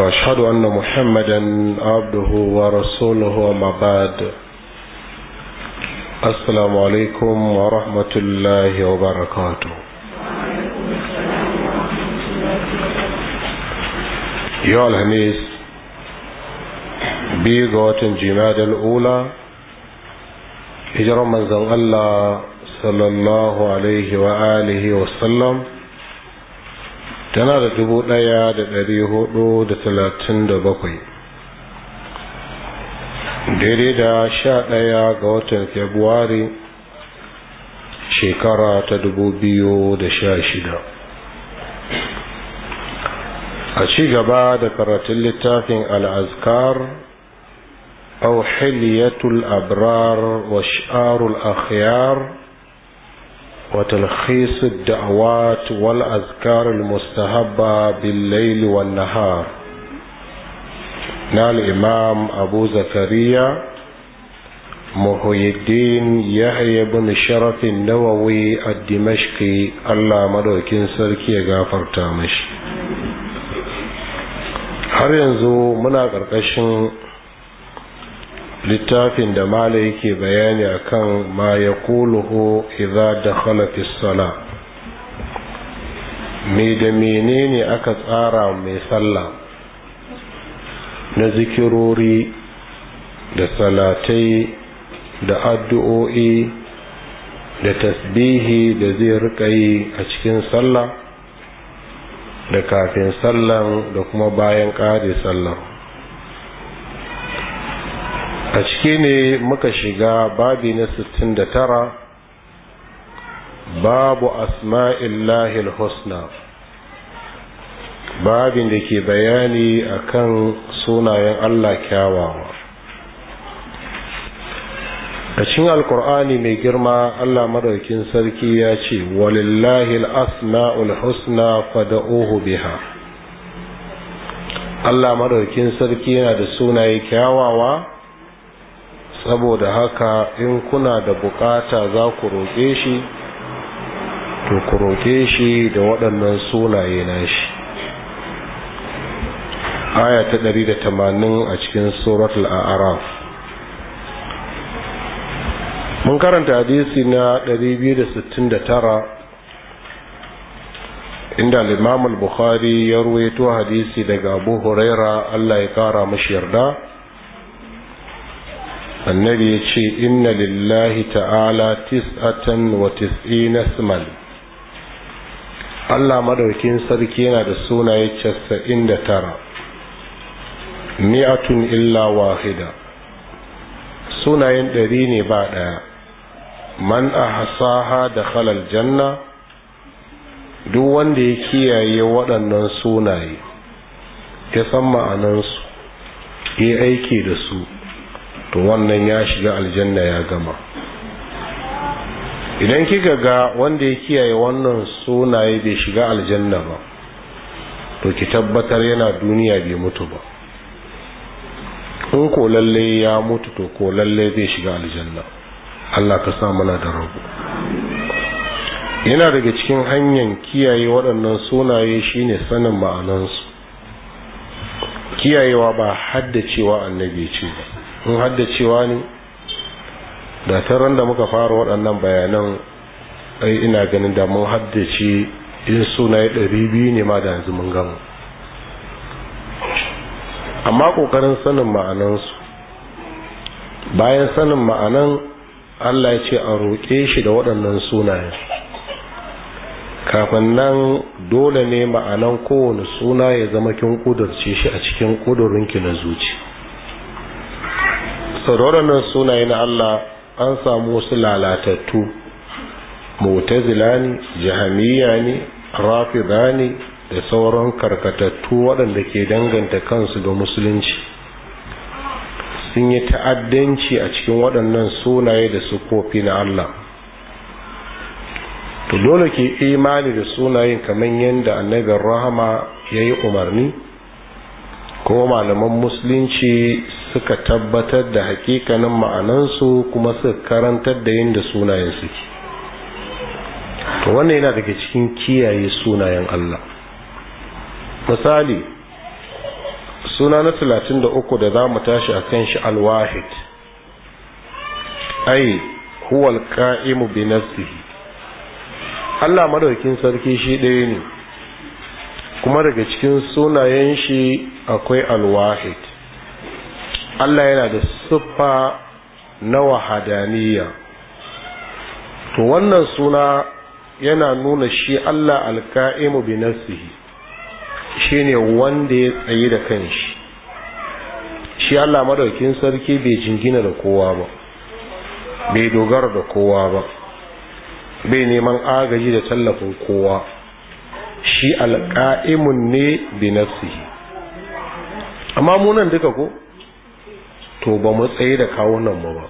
وأشهد أن محمدا عبده ورسوله وما بعد السلام عليكم ورحمة الله وبركاته يا الهميس بيغوت جماد الأولى هجر من الله صلى الله عليه وآله وسلم tana da dubu ɗaya da ɗari hudu da talatin da bakwai daidai da sha ɗaya ga watan februari shekara ta dubu biyu da sha shida a ci gaba da karatun littafin al'azkar أو حلية الأبرار وشعار akhyar وتلخيص الدعوات والأذكار المستهبة بالليل والنهار نال إمام أبو زكريا محي الدين يحيى بن الشرف النووي الدمشقي الله مدوك سركي غافر تامش هل ينزو muna ƙarƙashin littafin da mala yake bayani akan ma ya kuluhu idza dakhala fi sala me da menene aka tsara mai sallah na zikirori da salatai da addu'o'i da tasbihi da zai rika yi a cikin sallah da kafin sallah, da kuma bayan ƙare sallah. a cike ne muka shiga babi na 69 babu asma'illahi husna babin da ke bayani akan sunayen allah kyawawa a cikin alkur'ani mai girma allah madaukin sarki ya ce walillahi asma'ul husna fada'uhu biha allah madaukin sarki yana da sunaye kyawawa saboda haka in kuna da bukata za ku roƙe shi to ku roƙe shi da waɗannan sunaye na shi aya ta 180 a cikin surat al'araf mun karanta hadisi na 269 inda tara, inda bukhari ya ruwaito hadisi daga abu huraira Allah ya kara mashi yarda annabi ya ce inna lillahi ta'ala tis'atan wa tis'ina isman Allah madaukin sarki yana da sunaye casa'in da tara mi'atun illa wahida sunayen ɗari ne ba ɗaya man hasaha da halal janna duk wanda ya kiyaye waɗannan sunaye ya san ma'anansu ya aiki da su to wannan ya shiga aljanna ya gama idan kika ga wanda ya kiyaye wannan sunaye bai shiga aljanna ba to ki tabbatar yana duniya bai mutu ba in ko lalle ya mutu to ko lalle bai shiga aljanna Allah ka sa mana da rabu yana daga cikin hanyar kiyaye waɗannan sunaye shine sanin ma'anansu kiyayewa ba haddacewa annabi ce ba Mun hadda cewa ne da taron da muka fara waɗannan bayanan ai ina ganin da mun haddace in sunaye ɗari biyu ne ma da yanzu mun gama amma ƙoƙarin sanin ma'anansu bayan sanin ma'anan allah ya ce an roƙe shi da waɗannan sunaye kafin nan dole ne ma'anan kowane suna ya zama kin ƙudurce shi a cikin ƙudurinki na zuci. sau da waɗannan sunaye na Allah an samu wasu lalatattu mutazila ne jahamiya ne rafida ne da sauran karkatattu waɗanda ke danganta kansu da musulunci sun yi ta'addanci a cikin waɗannan sunaye da sukofi na Allah to dole ke imani da sunayen kamar yadda annabin rahama ya yi umarni ko malaman musulunci suka tabbatar da hakikanin ma'anansu kuma suka karantar da yin da sunayen suke to wannan yana daga cikin kiyaye sunayen Allah misali suna na talatin da uku za mu tashi a kan shi alwahid ai huwal ka'imu bi nafsihi Allah madaukin sarki shi ɗaya ne kuma daga cikin sunayen shi akwai alwahid Allah yana da siffa na wahadaniya to wannan suna yana nuna shi Allah alka'imu bi nafsihi shine wanda ya tsaye da kanshi shi Allah madaukin sarki bai jingina da kowa ba bai dogara da kowa ba bai neman agaji da tallafin kowa shi alka'imun ne bi nafsihi amma munan duka ko to ba mu tsaye da kawunan mu ba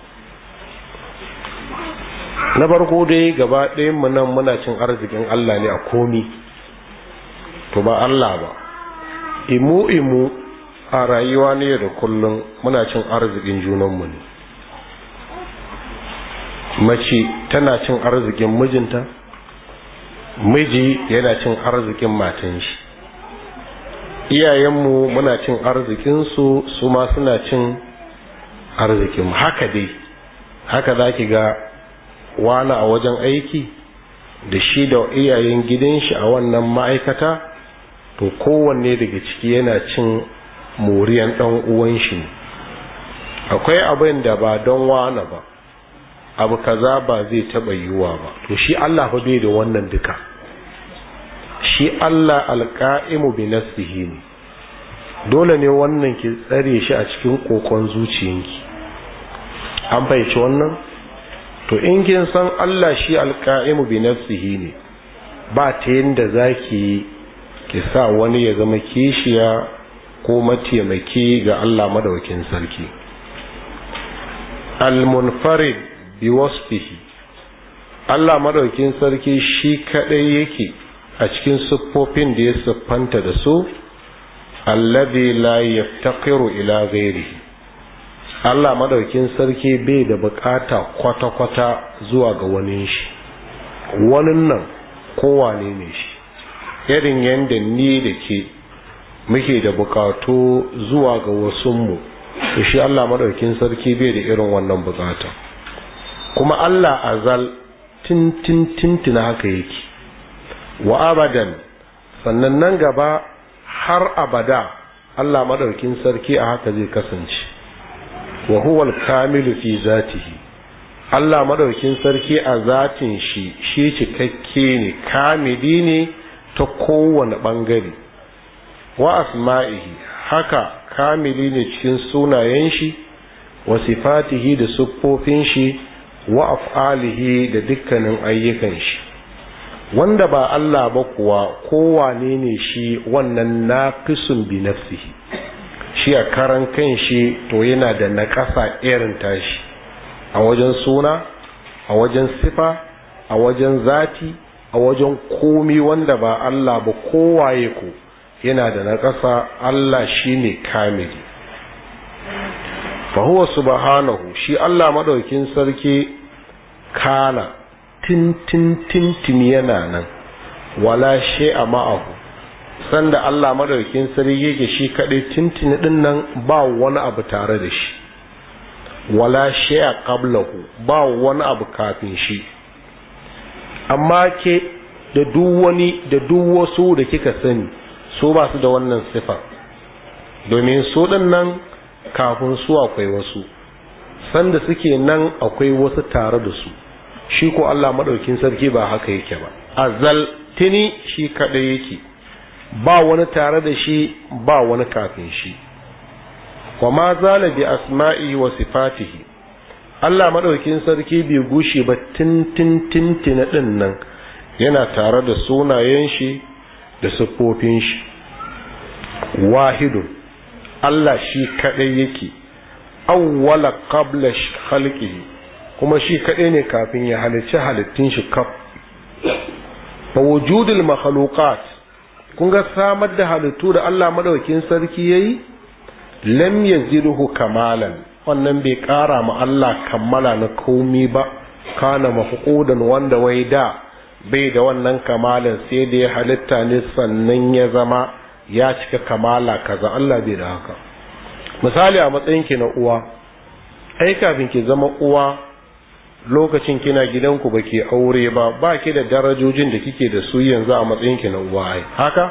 na farko dai gaba ɗayan mu nan muna cin arzikin Allah ne a komi to ba Allah ba imu imu a rayuwa ne da kullum muna cin arzikin junan mu ne mace tana cin arzikin mijinta miji yana cin arzikin matan shi iyayenmu muna cin arzikinsu su ma suna cin arzikin haka dai haka za ki ga wani a wajen aiki da shi da iyayen gidan shi a wannan ma'aikata to kowanne daga ciki yana cin moriyan ɗan uwan shi ne akwai abin da ba don wani ba abu kaza ba zai taɓa yiwuwa ba to shi Allah fa bai da wannan duka shi Allah alƙa'imu bi nafsihi ne dole ne wannan ki tsare shi a cikin kokon zuciyanki an fahimci wannan to in kin san Allah shi alqa'imu bi nafsihi ne ba ta yanda zaki ki sa wani ya zama kishiya ko mataimaki ga Allah madaukin sarki al-munfarid bi wasfihi Allah madaukin sarki shi kadai yake a cikin siffofin da ya siffanta da su alladhi la yaftaqiru ila ghairihi Allah madaukin sarki bai da bukata kwata-kwata zuwa ga wani shi wanin nan kowane ne shi irin yadda ni da ke muke da bukatu zuwa ga wasunmu mu shi Allah madaukin sarki bai da irin wannan bukata kuma Allah azal tintintintina haka yake wa abadan sannan nan gaba har abada Allah madaukin sarki a haka zai kasance wa huwa kamilu fi zatihi Allah madaukin sarki a zatin shi shi cikakke ne kamili ne ta kowane bangare wa asma'ihi haka kamili ne cikin sunayen shi wa sifatihi da siffofin shi wa af'alihi da dukkanin ayyukan shi wanda ba Allah ba kuwa kowane ne shi wannan naqisun bi nafsihi shi a karan kan shi to yana da naƙasa irin tashi a wajen suna a wajen sifa a wajen zati a wajen komi wanda ba Allah ba kowaye ku yana da naƙasa Allah shi ne kamili fahuwa subhanahu shi Allah maɗaukin sarki kana tintintintin yana nan wala shi a ma'ahu sanda Allah madaukin sarki yake shi kaɗai, tintini din nan ba wani abu tare da shi wala shay'a qablahu ba wani abu kafin shi amma ke da duk wani da duk wasu da kika sani su ba su da wannan sifa domin su din nan kafin su akwai wasu sanda suke nan akwai wasu tare da su shi ko Allah madaukin sarki ba haka yake ba azal tini shi kade yake ba wani tare da shi ba wani kafin shi wa ma zala bi asma'i wa sifatihi Allah madaukin sarki bai gushi ba tintintintina din nan yana tare da sunayen shi da sifofin shi wahidun Allah shi kadai yake awwala qabla khalqihi kuma shi kadai ne kafin ya halicci halittun shi kaf fa wujudul makhluqat kun ga samar da halittu da Allah madaukin sarki yayi lam yaziduhu kamalan wannan bai kara ma Allah kammala na komi ba kana mafqudan wanda wai da bai da wannan kamalan sai da ya halitta ne sannan ya zama ya cika kamala kaza Allah bai da haka misali a matsayin ki na uwa ai kafin ki zama uwa lokacin kina gidanku ba ke aure ba ba ki da darajojin da kike da su yanzu a matsayin ki na uwa ai haka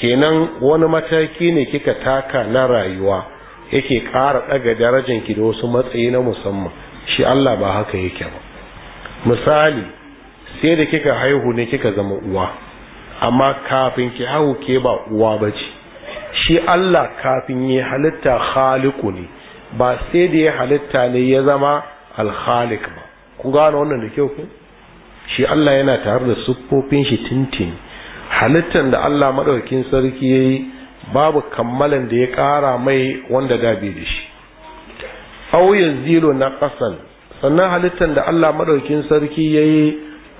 kenan wani mataki ne kika taka na rayuwa yake ƙara ɗaga darajan ki da wasu matsayi na musamman shi Allah ba haka yake ba misali sai da kika haihu ne kika zama uwa amma kafin ki haihu ke ba uwa bace shi Allah kafin ya halitta khaliqu ne ba sai da ya halitta ne ya zama alkhalik ba ku gano wannan da kyau ku shi Allah yana tare da siffofin shi tintin halittan da Allah madaukakin sarki yayi babu kammalan da ya ƙara mai wanda da bai da shi aw yanzilu naqasan sannan halittan da Allah madaukakin sarki yayi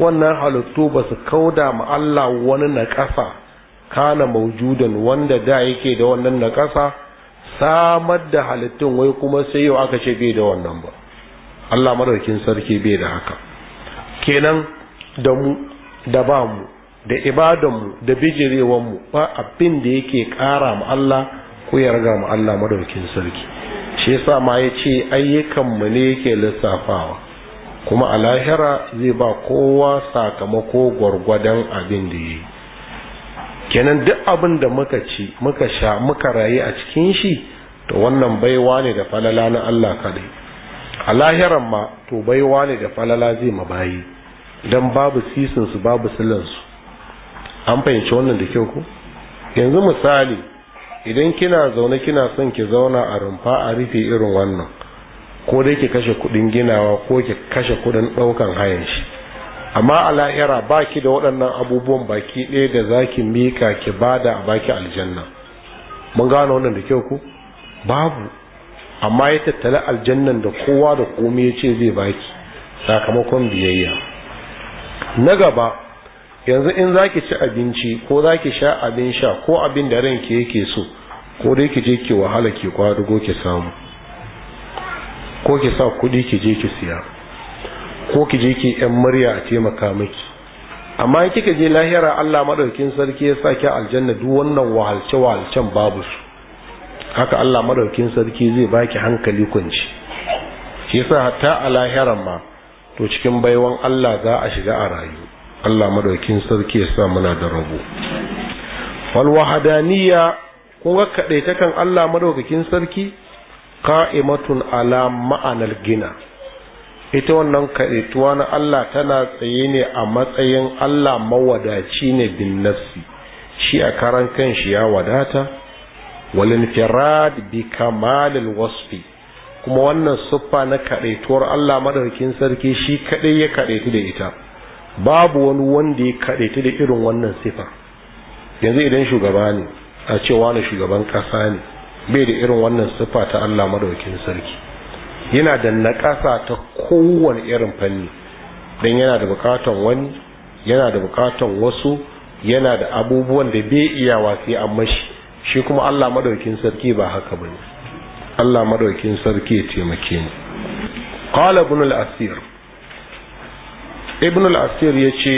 wannan halittu ba su kauda ma Allah wani naƙasa kana maujudan wanda da yake da wannan naƙasa samar da halittun wai kuma sai yau aka ce bai da wannan ba Allah madaukin sarki bai da haka kenan da mu da ba mu da ibadanmu da bijirewanmu ba abin da yake ƙara mu Allah ko ya raga mu Allah madaukin sarki shi yasa ma ya ce ayyukan mu ne yake lissafawa kuma a lahira zai ba kowa sakamako gwargwadon abin da ya yi kenan duk abin da muka ci muka sha muka rayu a cikin shi to wannan baiwa ne da falala na Allah kadai a lahiran ma to baiwa ne da falala zai ma bayi don babu sisinsu babu silansu an fahimci wannan da kyau ko yanzu misali idan kina zaune kina son ki zauna a rumfa a rufe irin wannan ko dai ki kashe kudin ginawa ko ki kashe kudin daukan hayan shi amma a lahira baki da waɗannan abubuwan baki ɗaya da za ki mika ki bada a baki aljanna mun gano wannan da kyau ku babu amma ya tattala aljannan da kowa da komai ya ce zai baki sakamakon biyayya na gaba yanzu in za ki ci abinci ko za ki sha abin sha ko abin da ranke yake so ko dai ki je ki wahala ki kwadugo ki samu ko ki sa kudi ki je ki siya ko ki je ki yan murya a taimaka miki amma in kika je lahira Allah madaukin sarki ya sa ki aljanna duk wannan wahalce wahalcen babu su haka Allah madaukin sarki zai baki hankali kunci shi yasa hatta a lahiran ma to cikin baiwan Allah za a shiga a rayu Allah madaukin sarki ya sa muna da rabo wal wahadaniya kun ga kadaitakan Allah madaukakin sarki qa'imatun ala ma'anal gina ita wannan kadaituwa na Allah tana tsaye ne a matsayin Allah mawadaci ne bin nafsi shi a karan kanshi ya wadata walinfirad bi kamalil wasfi kuma wannan siffa na kaɗaituwar Allah madaukakin sarki shi kaɗai ya kaɗaitu da ita babu wani wanda ya kaɗaitu da irin wannan siffa yanzu idan shugaba ne a cewa na shugaban ƙasa ne bai da irin wannan siffa ta Allah madaukakin sarki yana da naƙasa ta kowane irin fanni dan yana da buƙatan wani yana da bukatun wasu yana da abubuwan da bai iya wasi amma shi. shi kuma Allah madaukin sarki ba haka ba ne. Allah madaukin sarki ya taimake ni qala ibn al-asir ibn al-asir yace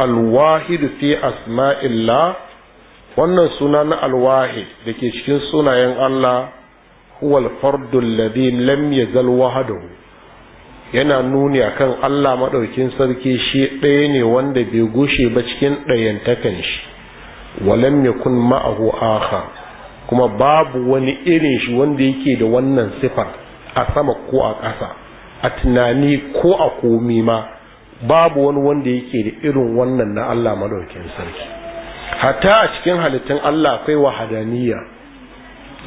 al-wahid fi asma'illah wannan suna na al-wahid dake cikin sunayen Allah huwa al fard alladhi lam yazal wahdahu yana nuni akan Allah madaukin sarki shi ɗaya ne wanda bai gushe ba cikin ɗayantakan shi walam yakun ma'ahu akhar kuma babu wani irin shi wanda yake da wannan sifa a sama ko a ƙasa a tunani ko a komi ma babu wani wanda yake da irin wannan na Allah madaukakin sarki hatta a cikin halittun Allah akwai wahadaniya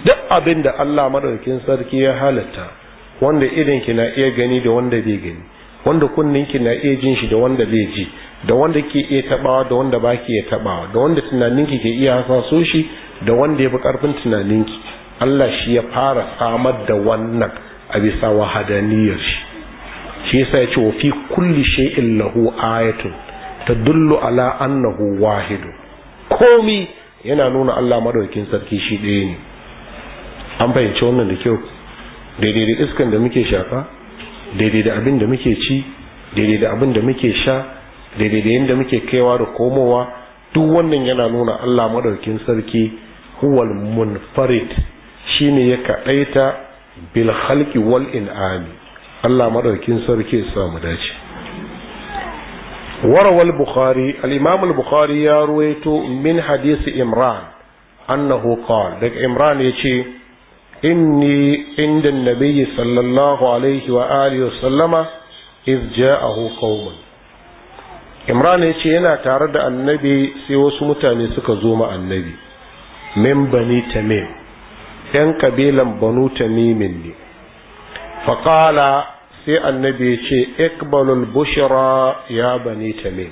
duk abin da Allah madaukakin sarki ya halitta wanda irin ki na iya gani da wanda bai gani wanda kunninki na iya jin shi da wanda bai ji da wanda ke iya tabawa da wanda ba ke iya tabawa da wanda tunaninki ke iya hasaso shi da wanda ya fi karfin tunaninki Allah shi ya fara samar da wannan a bisa wahadaniyar shi shi yasa ya ce wa fi kulli shay'in lahu ayatun tadullu ala annahu wahidu komi yana nuna Allah madaukakin sarki shi ɗaya ne an fahimci wannan da kyau daidai da iskan da muke shafa. daidai da abin da muke ci daidai da abin da muke sha daidai da yadda muke kaiwa da komowa duk wannan yana nuna Allah madaukin sarki huwal munfarid shine ya kaɗaita bil khalqi wal in'ami Allah madaukin sarki ya samu dace warawal bukhari al-imam al-bukhari ya ruwaito min hadisi imran annahu qala daga imran yace inni inda nabiyyi sallallahu alaihi wa alihi wasallama iz ja'ahu qaumun imran ya ce yana tare da annabi sai wasu mutane suka zo ma annabi min bani tamim yan kabilan banu tamimin ne Fakala sai annabi ya ce ikbalul bushra ya bani tamim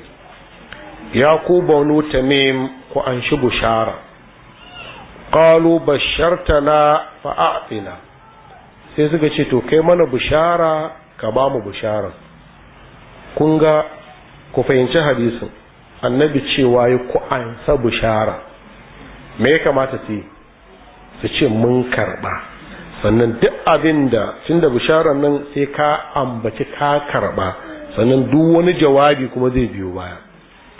ya ku banu tamim ku an shi bushara qalu bashartana fa'atina sai suka ce to kai mana bishara ka ba mu bishara kun ga ku fahimci hadisin annabi cewa ya ku ansa bishara me ya kamata su su ce mun karba sannan duk abinda tunda bisharar nan sai ka ambaci ka karba sannan duk wani jawabi kuma zai biyo baya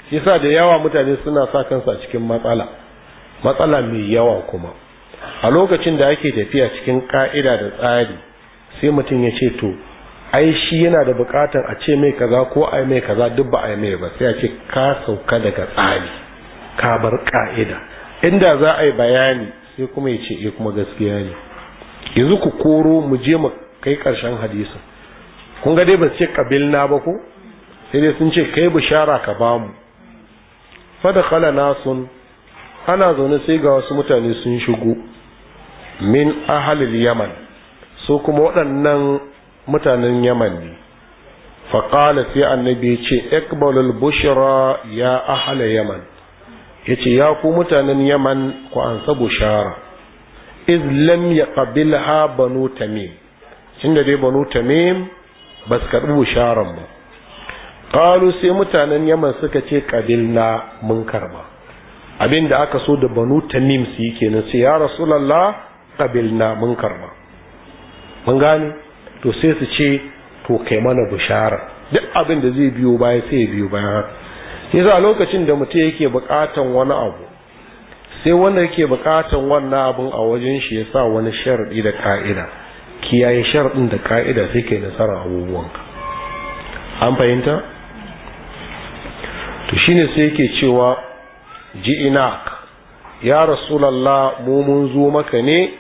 shi yasa da yawa mutane suna sa kansa cikin matsala matsala mai yawa kuma a lokacin da ake tafiya cikin ka'ida da tsari sai mutum ya ce to ai shi yana da bukatan a ce mai kaza ko ai mai kaza duk ba ai mai ba sai a ce ka sauka daga tsari ka bar ka'ida inda za a yi bayani sai kuma ya ce eh, kuma gaskiya ne yanzu ku koro mu je mu kai karshen hadisin kun ga dai ba ce kabilna ba ko sai dai sun ce kai bishara ka bamu na nasun ana zaune sai ga wasu mutane sun shigo min ahalil yaman su kuma waɗannan mutanen yaman ne faƙala fi annabi ya ce ekbalul bushra ya ahala yaman ya ce ya ku mutanen yaman ku ansa bushara iz lam ha banu tamim da dai banu tamim ba su karɓi busharan ba ƙalu sai mutanen yaman suka ce ƙabilna mun karɓa abin da aka so da banu tamim su yi kenan sai ya rasulallah na mun karba mun gane to sai su ce to kai mana bishara duk abin da zai biyo baya sai ya biyo baya haka yasa lokacin da mutu yake bukatan wani abu sai wanda yake bukatan wannan abin a wajen shi ya sa wani sharadi da ka'ida kiyaye sharadin da ka'ida sai kai nasara abubuwanka an fahimta to shine sai yake cewa ji'inak ya rasu lalla mu mun zo maka ne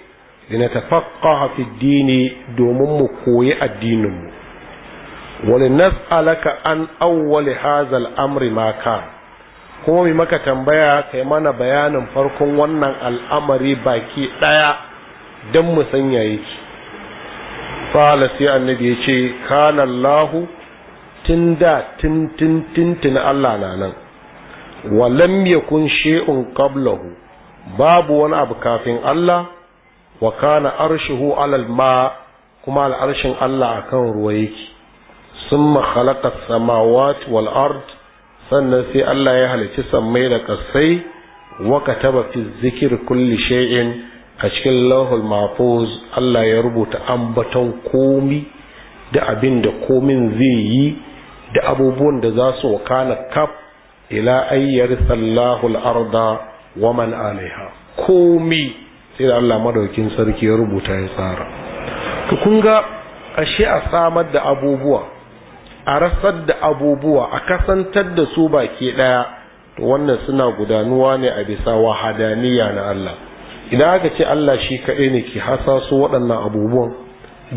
linatafaqqaha fi dini domin mu koyi addinin mu wal nas'alaka an awwal hadha al-amri ma kan kuma mai maka tambaya kai mana bayanin farkon wannan al'amari baki ɗaya dan mu sanya yake fala sai annabi ya ce kana Allahu tun da tun tun Allah na nan wa yakun shay'un qablahu babu wani abu kafin Allah wa kana arshuhu alal ma kuma al'arshin Allah akan ruwa yake summa khalaqa samawati wal ard sannan sai Allah ya halicci sammai da kasai wa kataba fi zikr kulli shay'in a cikin lahul mahfuz Allah ya rubuta ambaton komi da abinda komin zai yi da abubuwan da za su wakana kaf ila ayyar sallahu al'arda wa man alaiha komi sai da Allah madaukin sarki ya rubuta ya tsara to kun ga ashe a samar da abubuwa a rasar da abubuwa a kasantar da su baki daya to wannan suna gudanuwa ne a bisa wahadaniya na Allah idan aka ce Allah shi kaɗai ne ke hasaso waɗannan abubuwan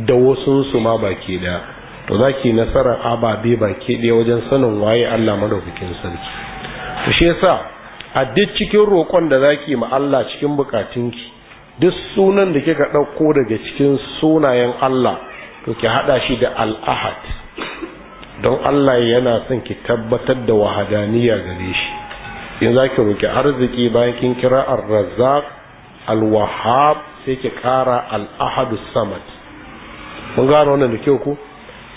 da wasunsu ma baki daya to za ki nasarar ababe baki ɗaya wajen sanin waye Allah madaukakin sarki to shi yasa a duk cikin roƙon da za ki ma Allah cikin bukatunki duk sunan da kika ɗauko daga cikin sunayen Allah to ki haɗa shi da al'ahad don Allah yana son ki tabbatar da wahadaniya gare shi in za ki roƙi arziki bayan kin kira ar-razzaq al-wahhab sai ki ƙara al-ahadus samad mun gano wannan da kyau ko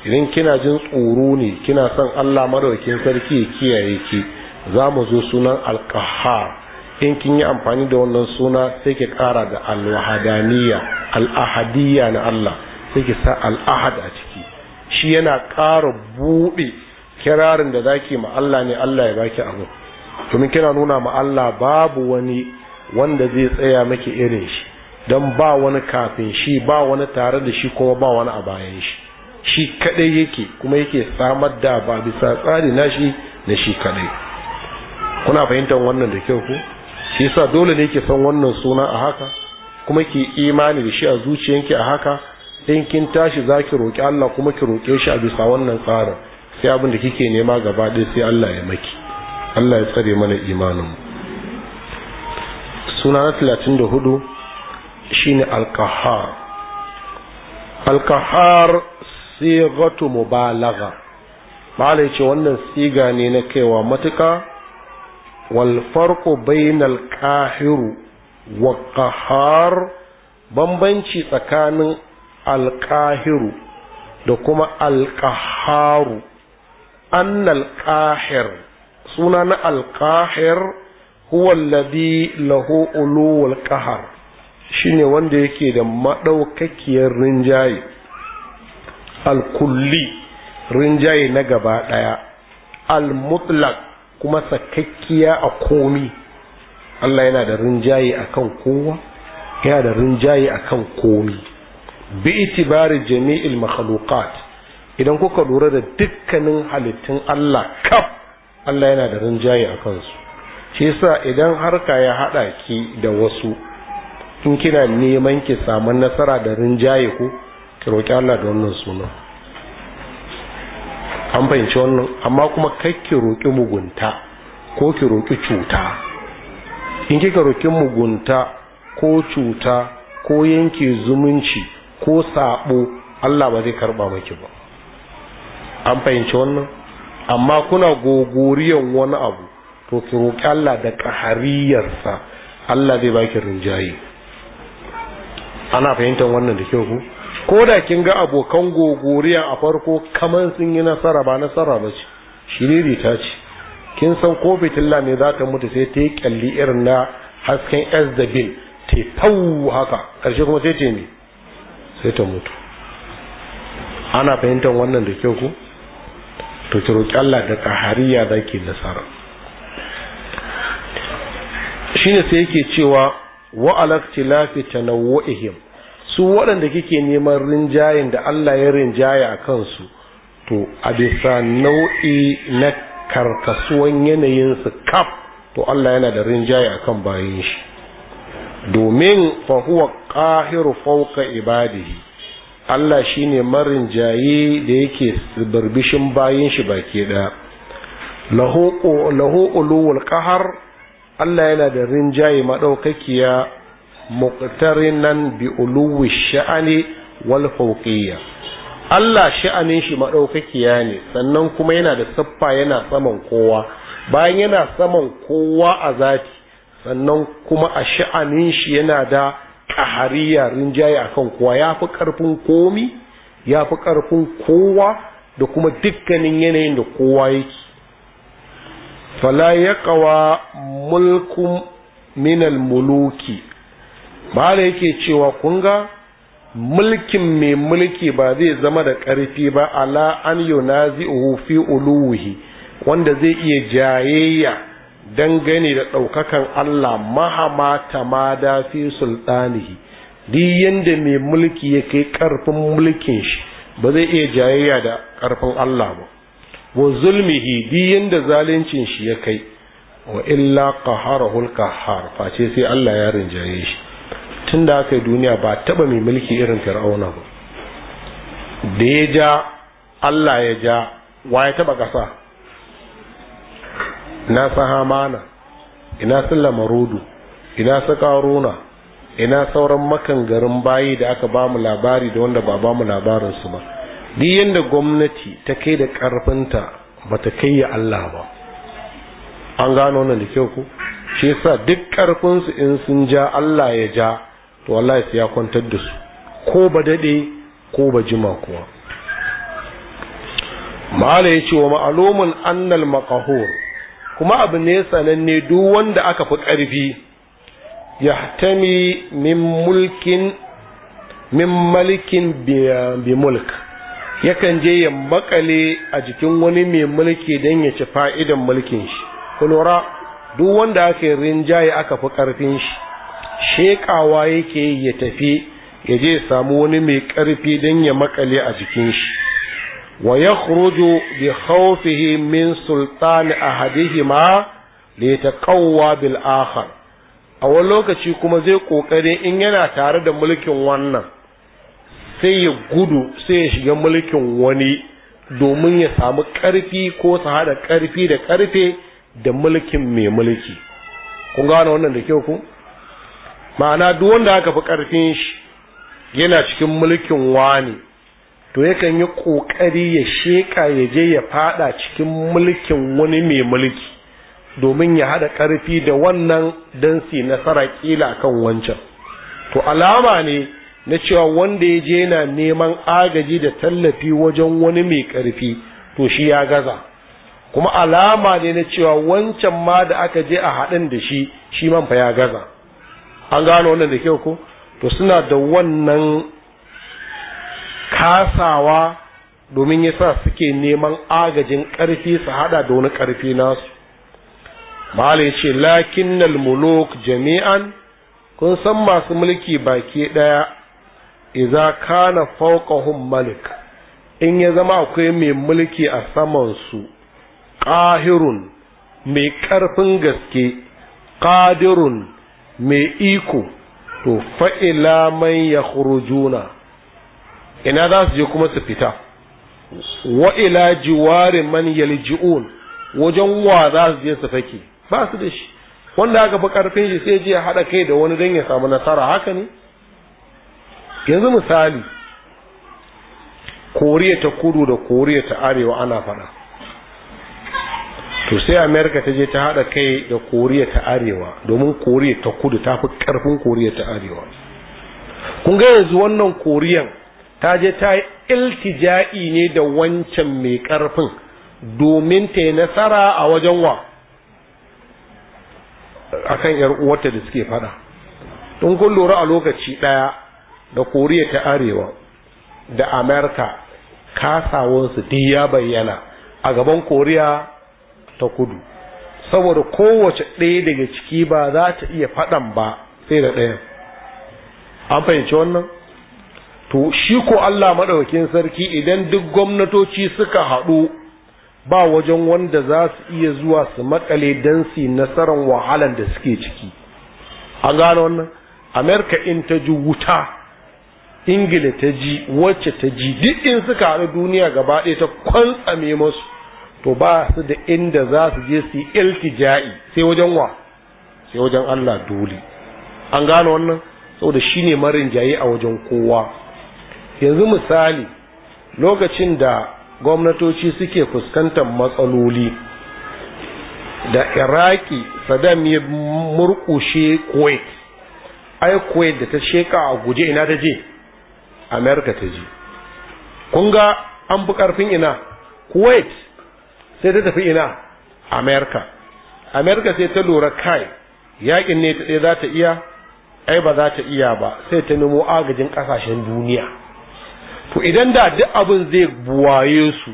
idan kina jin tsoro ne kina son Allah madaukakin sarki ya kiyaye ki za mu zo sunan alqahar in kin yi amfani da wannan suna sai ki kara da alwahadaniya al'ahadiyya na Allah sai ki sa al'ahad a ciki shi yana ƙara buɗe kirarin da zaki ma Allah ne Allah ya baki abu domin kina nuna ma Allah babu wani wanda zai tsaya miki irin shi don ba wani kafin shi ba wani tare da shi kuma ba wani a bayan shi shi kadai yake kuma yake samar da ba bisa tsari na shi na shi kadai kuna fahimtar wannan da kyau ko shi yasa dole ne ke san wannan suna a haka kuma ki imani da shi a zuciyanki a haka in kin tashi zaki roki Allah kuma ki roke shi a bisa wannan tsarin sai abin da kike nema gaba ɗaya sai Allah ya maki Allah ya tsare mana imanin suna na talatin da hudu shine alkahar alkahar sigatu mubalagha mala yace wannan siga ne na kaiwa matuka wal farqu bainal qahir wa qahar bambanci tsakanin al qahir da kuma al an annal qahir suna na al qahir huwa alladhi lahu ulul qahar shine wanda yake da madaukakiyar rinjaye alkulli rinjaye na gaba ɗaya almutlak kuma sakakkiya a komi Allah yana da rinjaye akan kowa yana da rinjaye akan komi bi itibari jami'il makhluqat idan kuka lura da dukkanin halittun Allah kaf Allah yana da rinjaye a kansu shi yasa idan harka ya hada ki da wasu in kina neman ki samu nasara da rinjaye ku ki roƙi Allah da wannan sunan an fahimci wannan amma kuma kai ki roƙi mugunta ko ki roƙi cuta in kika roƙi mugunta ko cuta ko yanke zumunci ko saɓo, Allah ba zai karba maki ba an fahimci wannan amma kuna gogoriyan wani abu to ki roƙi Allah da ƙahariyarsa Allah zai baki rinjaye ana fahimtar wannan da kyau ku ko da kin ga abokan gogoriya a farko kaman sun yi nasara ba nasara ba ce shiriri ta ce kin san ko fitilla ne za ta mutu sai ta yi kyalli irin na hasken s da bin ta tau haka ƙarshe kuma sai ta ne sai ta mutu ana fahimtar wannan da kyau ku to ki roƙi Allah da kahariya za ke nasara shine sai yake cewa wa alaktilafi su waɗanda kike neman rinjayen da Allah ya rinjaya a kansu to a bisa nau'i na karkasuwan yanayinsu kaf to Allah yana da rinjaye a kan bayan shi domin fahuwa ƙahiru fauka ibadihi Allah shi ne marinjaye da yake barbishin bayan shi baki ɗaya lahu uluwul ƙahar Allah yana da rinjaye maɗaukakiya muqtarinan bi uluwi sha'ani wal fawqiyya Allah sha'anin shi madaukakiya ne sannan kuma yana da siffa yana saman kowa bayan yana saman kowa a zati sannan kuma a sha'anin shi yana da ƙahariya rinjaye akan kowa ya fi ƙarfin komi ya fi ƙarfin kowa da kuma dukkanin yanayin da kowa yake fala ya ƙawa mulkun minal muluki mala yake cewa kunga mulkin mai mulki ba zai zama da ƙarfi ba ala an yunazi'uhu fi uluhi wanda zai iya jayayya dangane da ɗaukakan Allah mahama tamada fi sultanihi duk yadda mai mulki ya kai ƙarfin mulkin shi ba zai iya jayayya da ƙarfin Allah ba wa zulmihi duk yadda zaluncin shi ya kai wa illa qaharahul qahhar face sai Allah ya rinjaye shi tun da aka yi duniya ba taba mai mulki irin fir'auna ba da ya ja allah ya ja wa ya taba kasa ina sa hamana ina sun lamarudu ina su karuna ina sauran makan garin bayi da aka ba mu labari da wanda ba ba mu labarinsu ba duk yadda gwamnati ta kai da karfinta ba ta kai ya allah ba an gano wannan da kyau ku shi yasa duk ƙarfinsu in sun ja allah ya ja to wallahi ya kwantar da su ko ba dade ko ba jima kuwa mala ce wa ma'lumun annal makahur kuma abu ne sananne duk wanda aka fi karfi yahtami min mulkin min malikin bi mulk yakan je ya makale a jikin wani mai mulki don ya ci fa'idan mulkin shi kulura duk wanda aka yi rinjaye aka fi ƙarfin shi shekawa yake ya tafi ya je samu wani mai ƙarfi don ya makale a jikin shi wa ya khuruju bi khawfihi min sultani ahadihima li taqawwa bil akhar a wani lokaci kuma zai kokari in yana tare da mulkin wannan sai ya gudu sai ya shiga mulkin wani domin ya samu ƙarfi ko su haɗa ƙarfi da ƙarfe da mulkin mai mulki kun gane wannan da kyau ku ma'ana duk wanda aka fi ƙarfin shi yana cikin mulkin wani to yakan yi ƙoƙari ya sheƙa ya je ya fada cikin mulkin wani mai mulki domin ya haɗa ƙarfi da wannan don su nasara ƙila kan wancan to alama ne na cewa wanda ya je yana neman agaji da tallafi wajen wani mai ƙarfi to shi ya gaza kuma alama ne na cewa wancan ma da aka je a haɗin da shi shi man fa ya gaza an gano wannan da kyau ko to suna da wannan kasawa domin yasa suke neman agajin ƙarfi su hada da wani ƙarfi nasu mala ya ce lakin muluk jami'an kun san masu mulki baki ɗaya iza kana fawqahum malik in ya zama akwai mai mulki a samansu ƙahirun mai ƙarfin gaske ƙadirun mai iko to fa'ila man ya ina za su je kuma su fita wa'ila jiwari man yalji'un wajen wa za su je su fake ba su da shi wanda aka fi karfin shi sai je haɗa kai da wani don ya samu nasara haka ne yanzu misali koriya ta kudu da koriya ta arewa ana faɗa to sai america ta je ta hada kai da koriya ta arewa domin koriya ta kudu ta fi karfin koriya ta arewa kun ga yanzu wannan koriyan ta je ta yi iltija'i ne da wancan mai karfin domin ta yi nasara a wajen wa akan yar uwarta da suke fada Tun kun lura a lokaci daya da koriya ta arewa da america kasawansu duk ya bayyana a gaban koriya ta kudu saboda kowace ɗaya daga ciki ba za ta iya faɗan ba sai da ɗaya an fahimci wannan to shi ko Allah maɗaukin sarki idan duk gwamnatoci suka haɗu ba wajen wanda za su iya zuwa su makale don su nasarar wahalan da suke ciki an gano wannan amerika in ta ji wuta ingila ta ji wacce ta ji duk in suka haɗu duniya gaba ɗaya ta kwantsame musu. to ba su da inda za su je su yi iltija'i sai wajen wa sai wajen Allah dole an gano wannan saboda shine marin jaye a wajen kowa yanzu misali lokacin da gwamnatoci suke fuskantar matsaloli da iraki saddam ya murkushe kuwait ai kuwait da ta sheka a guje ina ta je amerika ta je kun ga an bi karfin ina kuwait sai ta tafi ina Amerika. Amerika sai ta lura kai yakin ne ta ɗaya za ta iya ai ba za ta iya ba sai ta nemo agajin ƙasashen duniya to idan da duk abin zai buwaye su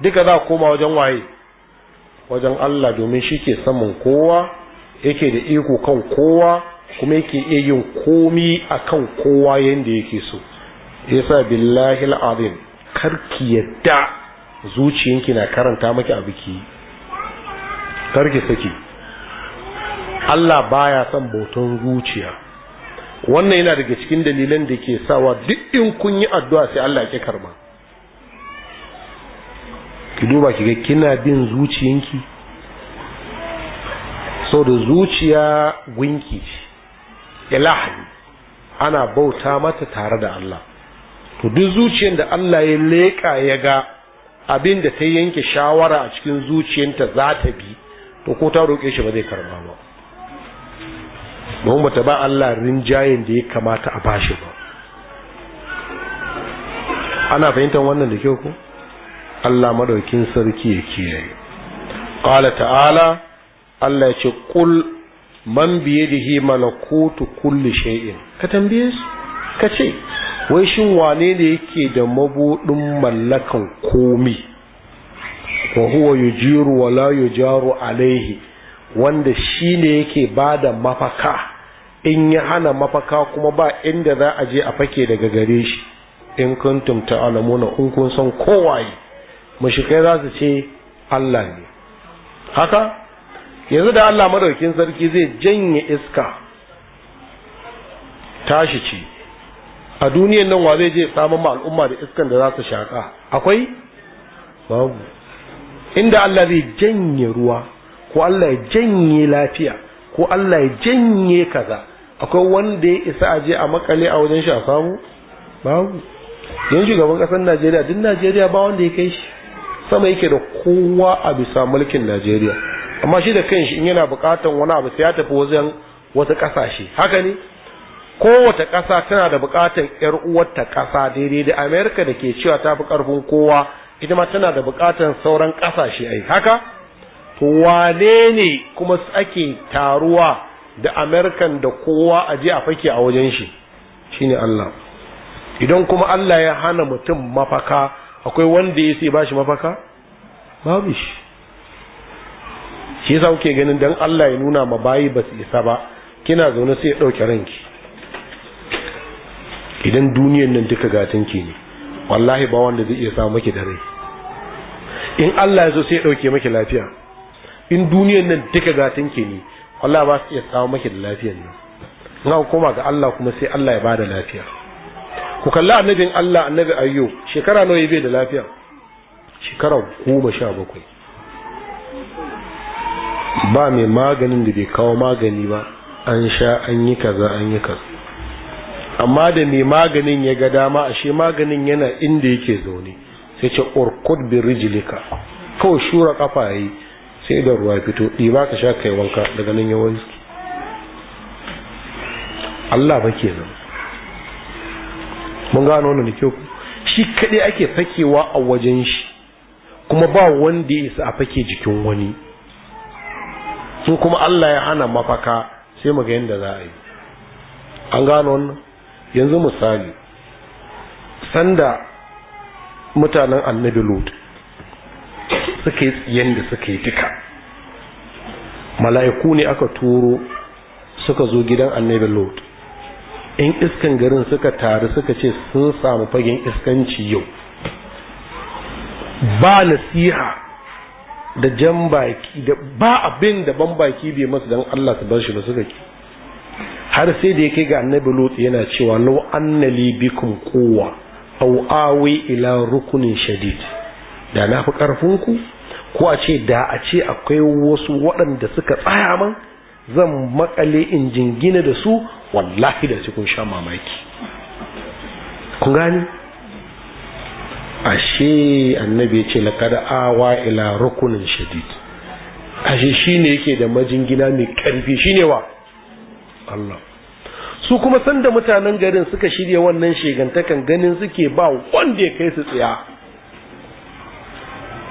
duka za koma wajen waye wajen Allah domin shi ke saman kowa yake da iko kan kowa kuma yake iya yin komi a kan kowa yadda yake so ya sa billahi al'adun karki yadda zuciyanki na karanta maki abu ki karki saki Allah baya son bautan zuciya wannan yana daga cikin dalilan da ke sawa duk in kun yi addu'a sai Allah ya karba ki duba ki ga kina bin zuciyanki so da zuciya gunki ce ana bauta mata tare da Allah to duk zuciyar da Allah ya leka ya ga abin da ta yanke shawara a cikin zuciyarta za ta bi to ko ta roƙe shi ba zai karba ba don bata ba Allah rinjayen da ya kamata a bashi ba ana fahimtar wannan da kyau ko Allah madaukin sarki ya kiyaye qala ta'ala Allah ya ce qul man biyadihi malakutu kulli shay'in ka tambaye su ka ce wai shin wane ne yake da mabudin mallakan komi wa huwa yujiru wa yujaru alaihi wanda shi ne yake bada mafaka in ya hana mafaka kuma ba inda za a je a fake daga gare shi in kuntum ta'lamuna in kun san kowaye mushrikai za su ce Allah ne haka yanzu da Allah madaukin sarki zai janye iska tashi ce a duniyan nan wa zai je samun ma al'umma da iskan da za su shaƙa akwai babu inda Allah zai janye ruwa ko Allah ya janye lafiya ko Allah ya janye kaza akwai wanda ya isa a je a makale a wajen shi a samu babu yin shugaban kasar Najeriya duk Najeriya ba wanda ya kai shi sama yake da kowa a bisa mulkin Najeriya amma shi da kanshi in yana bukatan wani abu sai ya tafi wajen wasu kasashe haka ne kowace ƙasa tana da buƙatar ƴar uwarta ƙasa daidai da amerika da ke cewa ta fi ƙarfin kowa ita ma tana da buƙatar sauran ƙasashe ai haka to wane ne kuma ake taruwa da amerikan da kowa a je a fake a wajen shi shine allah idan kuma allah ya hana mutum mafaka akwai wanda ya sai ba shi mafaka babu shi shi yasa kuke ganin dan allah ya nuna ma bayi ba su isa ba kina zaune sai ya ɗauke ranki idan duniyan nan duka gatan ke ne wallahi ba wanda zai iya samu maki da rai in Allah ya zo sai ya dauke maki lafiya in duniyan nan duka gatan ke ne wallahi ba su iya samu maki da lafiyan nan na koma ga Allah kuma sai Allah ya ba da lafiya ku kalla annabin Allah annabi ayyo shekara nawa ya da lafiya shekara goma sha bakwai ba mai maganin da bai kawo magani ba an sha an yi kaza an yi kaza amma da mai maganin ya ga dama ashe maganin yana inda yake zaune sai ce orkut bi rijlika kawai shura kafa yi sai da ruwa fito ba ka sha kai wanka daga nan yawan Allah ba ke zama mun gano wani nake ku. shi kaɗai ake fakewa a wajen shi kuma ba wanda ya sa a fake jikin wani sun kuma Allah ya hana mafaka sai mu ga yadda za a yi an gano wannan yanzu misali sanda mutanen annabi lot suka tsiyen suka yi duka mala'iku ne aka turo suka zo gidan annabi lot in iskan garin suka taru suka ce sun samu fagen iskanci yau ba nasiha da jan baki da ba abin da ban baki bai masu don Allah su bar shi ba suka ke. har sai da yake ga annabi lut yana cewa law anna li bikum quwwa aw awi ila rukunin shadid da na fi karfin ku ko a ce da a ce akwai wasu waɗanda suka tsaya man zan makale in jingina da su wallahi da kun sha mamaki kun gani ashe annabi ya ce laqad awa ila rukunin shadid ashe shine yake da majingina mai karfi shine wa Allah su kuma sanda mutanen garin suka shirya wannan shegantakan ganin suke ba wanda ya kai su tsaya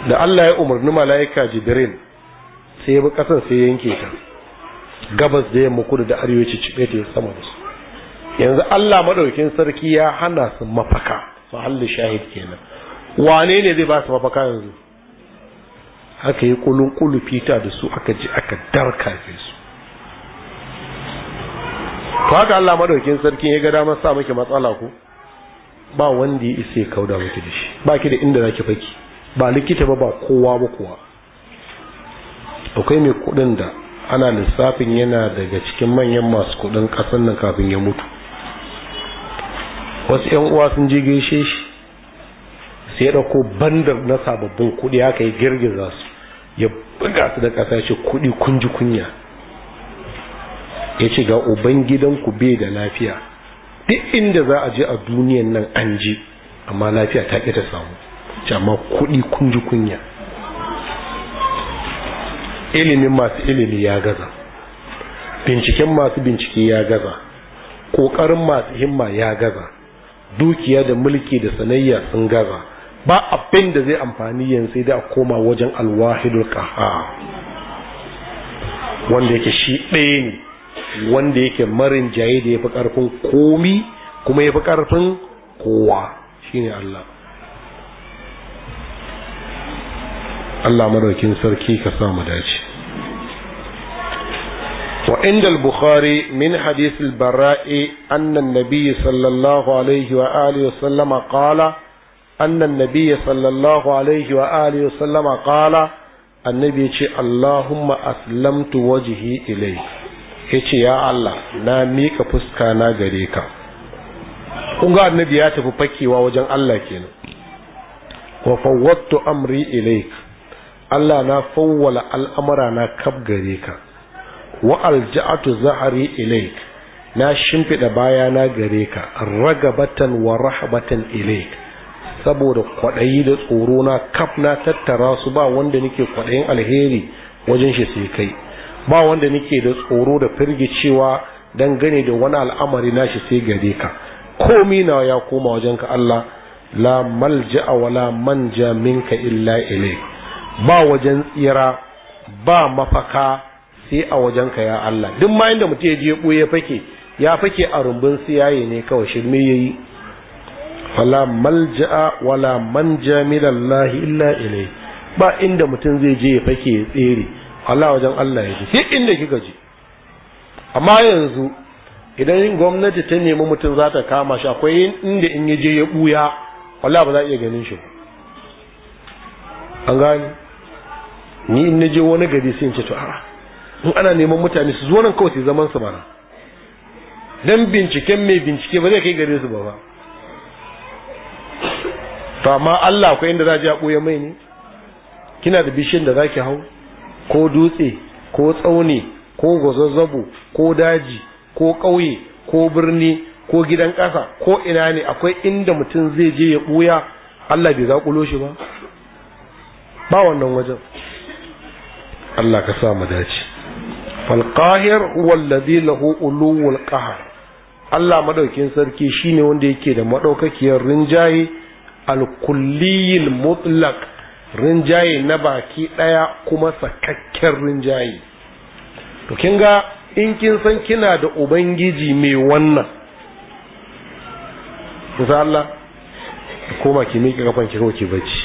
da Allah ya umarni mala'ika jibril sai ya bi sai ya yanke ta gabas da yamma kudu da arewaci cibe ta sama da su yanzu Allah madaukin sarki ya hana su mafaka mahallin shahid kenan wane ne zai ba su mafaka yanzu aka yi kulun kulu fita da su aka ji aka darka su to haka Allah madaukin sarki ya ga damar sa miki matsala ko ba wanda ya isa ya kauda miki da shi ba ki da inda zaki faki ba likita ba ba kowa ba kuwa akwai mai kudin da ana lissafin yana daga cikin manyan masu kudin kasan nan kafin ya mutu wasu yan uwa sun je gaishe shi sai ya dauko bandar na sababbin kudi haka ya girgiza su ya buga su da kasa shi kudi kunji kunya ya ce ga ubangidanku bai da lafiya duk inda za a je a duniyan nan an ji amma lafiya ta ƙi ta samu ce kuɗi kun kunya ilimin masu ilimi ya gaza binciken masu bincike ya gaza ƙoƙarin masu himma ya gaza dukiya da mulki da sanayya sun gaza ba abin da zai amfani yanzu sai da a koma wajen alwahidul ƙaha wanda yake shi ɗaya ne wanda yake marin jaye da ya fi ƙarfin komi kuma ya fi ƙarfin kowa shine Allah Allah madaukin sarki ka sa mu dace wa inda bukhari min hadith al-bara'i anna an sallallahu alayhi wa wa sallama qala anna an-nabiy sallallahu alayhi wa wa sallama qala annabi ya ce allahumma aslamtu wajihi ilai. ya ce ya Allah na mika fuska na gare ka kun ga annabi ya tafi fakewa wajen Allah kenan wa fawwattu amri ilaik Allah na fawwala al'amara na kab gare ka wa alja'atu zahari ilaik na shimfiɗa baya na gare ka ragabatan wa rahabatan ilaik saboda kwaɗayi da tsoro na kaf na tattara su ba wanda nake kwaɗayin alheri wajen shi sai kai ba wanda nake da tsoro da firgicewa dan gane da wani al'amari nashi sai gare ka komi na ya koma wajen ka Allah la malja wa la manja minka illa ilai ba wajen tsira ba mafaka sai a wajen ka ya Allah duk ma inda mutum ya je ya fake ya fake a rumbun siyaye ne kawai shi shirme yayi fala malja'a wala manja min illa ilai ba inda mutum zai je ya fake ya tsere Allah wajen Allah ya ji duk inda kika ji amma yanzu idan gwamnati ta nemi mutum za ta kama shi akwai inda in ya je ya buya wallahi ba za a iya ganin shi an gani ni in je wani gari sai in ce to a'a in ana neman mutane su zo nan kawai su zaman su bana dan binciken mai bincike ba zai kai gare su ba ba to amma Allah akwai inda za a je a buya mai ne kina da bishin da zaki hau ko dutse ko tsauni ko gwazazzabo ko daji ko ƙauye ko birni ko gidan ƙasa ko ina ne akwai inda mutum zai je ya ɓuya Allah bai zaƙulo shi ba ba wannan wajen Allah ka sa mu dace falqahir wallazi lahu uluwul qahar Allah madaukin sarki shine wanda yake da madaukakiyar rinjaye al-kulliyil mutlaq rinjaye na baki ɗaya kuma sakakken rinjaye to kin ga in kin san kina da ubangiji mai wannan kusa Allah koma ki miƙe kafan ki ki bacci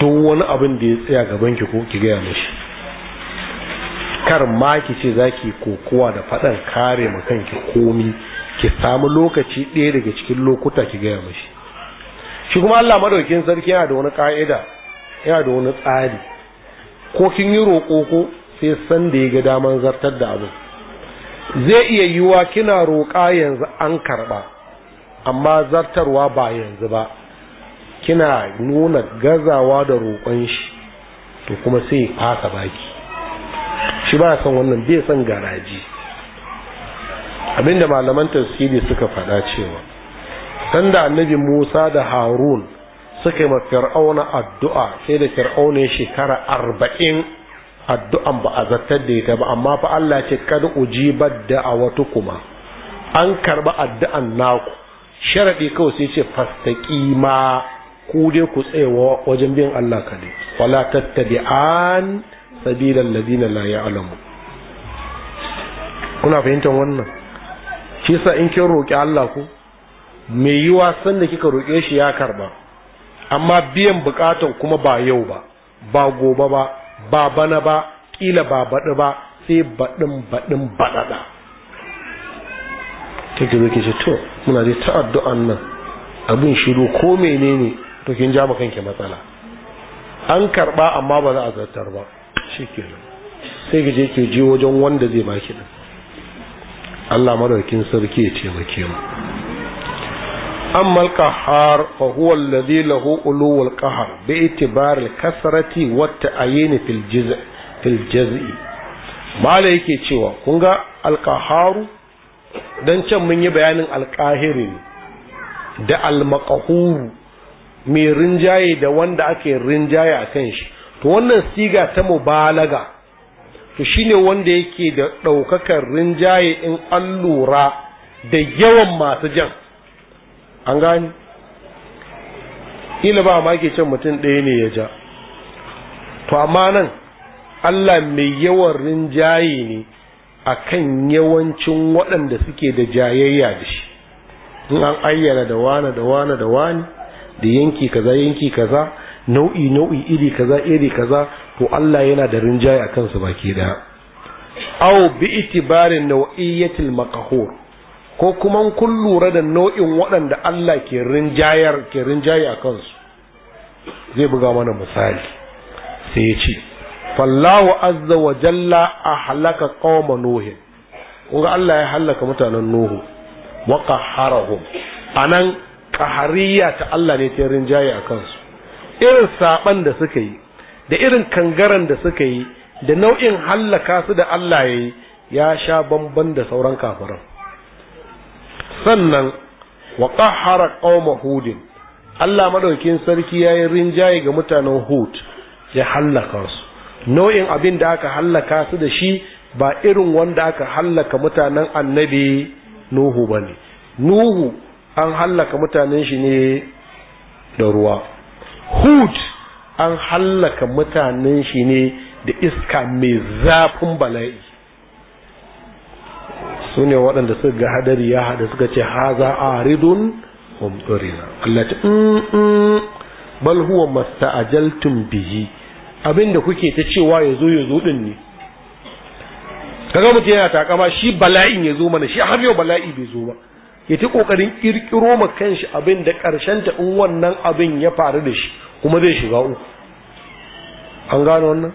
duk wani abin da ya tsaya gaban ki ko ki gaya mishi kar ma ki ce zaki kokowa da faɗan kare ma kanki komi ki samu lokaci ɗaya daga cikin lokuta ki gaya mishi shi kuma Allah madaukin sarki yana da wani ƙa'ida. yana da wani tsari ko kin yi roƙo ko sai san da ya ga daman zartar da abin zai iya yiwuwa kina roƙa yanzu an karɓa amma zartarwa ba yanzu ba kina nuna gazawa da roƙon shi to kuma sai fasa baki shi ba san wannan bai son garaji abinda malaman tafsiri suka faɗa cewa sanda annabi Musa da Harun suka yi ma fir'auna addu'a sai da fir'auna ya shekara arba'in addu'an ba a zartar da ita ba amma fa Allah ce kad uji da a wata kuma an karba addu'an naku sharaɗi kawai sai ce fastaƙi ma ku dai ku tsayawa wajen bin Allah kaɗai wala tattabi'an sabilan ladina la ya'lamu kuna fahimtar wannan shi yasa in kin roƙi Allah ku mai yiwa da kika roƙe shi ya karba amma biyan bukatan kuma ba yau ba ba gobe ba ba bana ba kila ba baɗi ba sai baɗin baɗin baɗaɗa ta ke zai ce to muna dai ta addu'an nan abin shiru ko menene to kin ja kanki matsala an karba amma ba za a zartar ba shikenan sai ka je ke je wajen wanda zai baki din Allah madaukin sarki ya taimake mu أما القهار فهو الذي له علو القهر باعتبار الكسرة والتعيين في الجزء في الجزء ما yake cewa kun ga alkaharu don can mun yi bayanin alkahiri da almakahuru mai rinjaye da wanda ake rinjaye a kan shi to wannan siga ta mubalaga to shine wanda yake da ɗaukakar rinjaye in an lura da yawan masu jan an gani ila ba ma ke can mutum ɗaya ne ya ja to amma nan Allah mai yawan rinjaye ne akan yawancin waɗanda suke da jayayya da shi in an ayyana da wane da wane da wane da yanki kaza yanki kaza nau'i nau'i iri kaza iri kaza to Allah yana da rinjaye kansu kansu baki ɗaya. au bi itibarin nau'iyatil maqhur ko kuma kun lura da nau'in waɗanda Allah ke rinjayar ke rinjaye a kansu zai buga mana misali sai ya ce fallahu azza wa jalla a halaka qawma nuhin kun ga Allah ya halaka mutanen nuhu wa qaharahum anan qahariya ta Allah ne ta rinjaye a kansu irin saban da suka yi da irin kangaran da suka yi da nau'in halaka su da Allah ya yi ya sha bamban da sauran kafiran sannan wa qahhara qauma hud Allah maɗaukin sarki ya yi rinjaye ga mutanen hud ya hallaka su nau'in abin da aka hallaka su da shi ba irin wanda aka hallaka mutanen annabi nuhu bane nuhu an hallaka mutanen shi ne da ruwa hud an hallaka mutanen shi ne da iska mai zafin bala'i su ne waɗanda suka ga hadari ya haɗa suka ce haza aridun mumturina Allah ta mm, mm, bal huwa masta'ajaltum bihi abinda kuke ta cewa yazo yazo din ne kaga mutum yana takama shi bala'in yazo mana shi har yau bala'i bai zo ba ya ta kokarin kirkiro ma kanshi abin da karshen ta in wannan abin ya faru da shi kuma zai shiga uku an gano wannan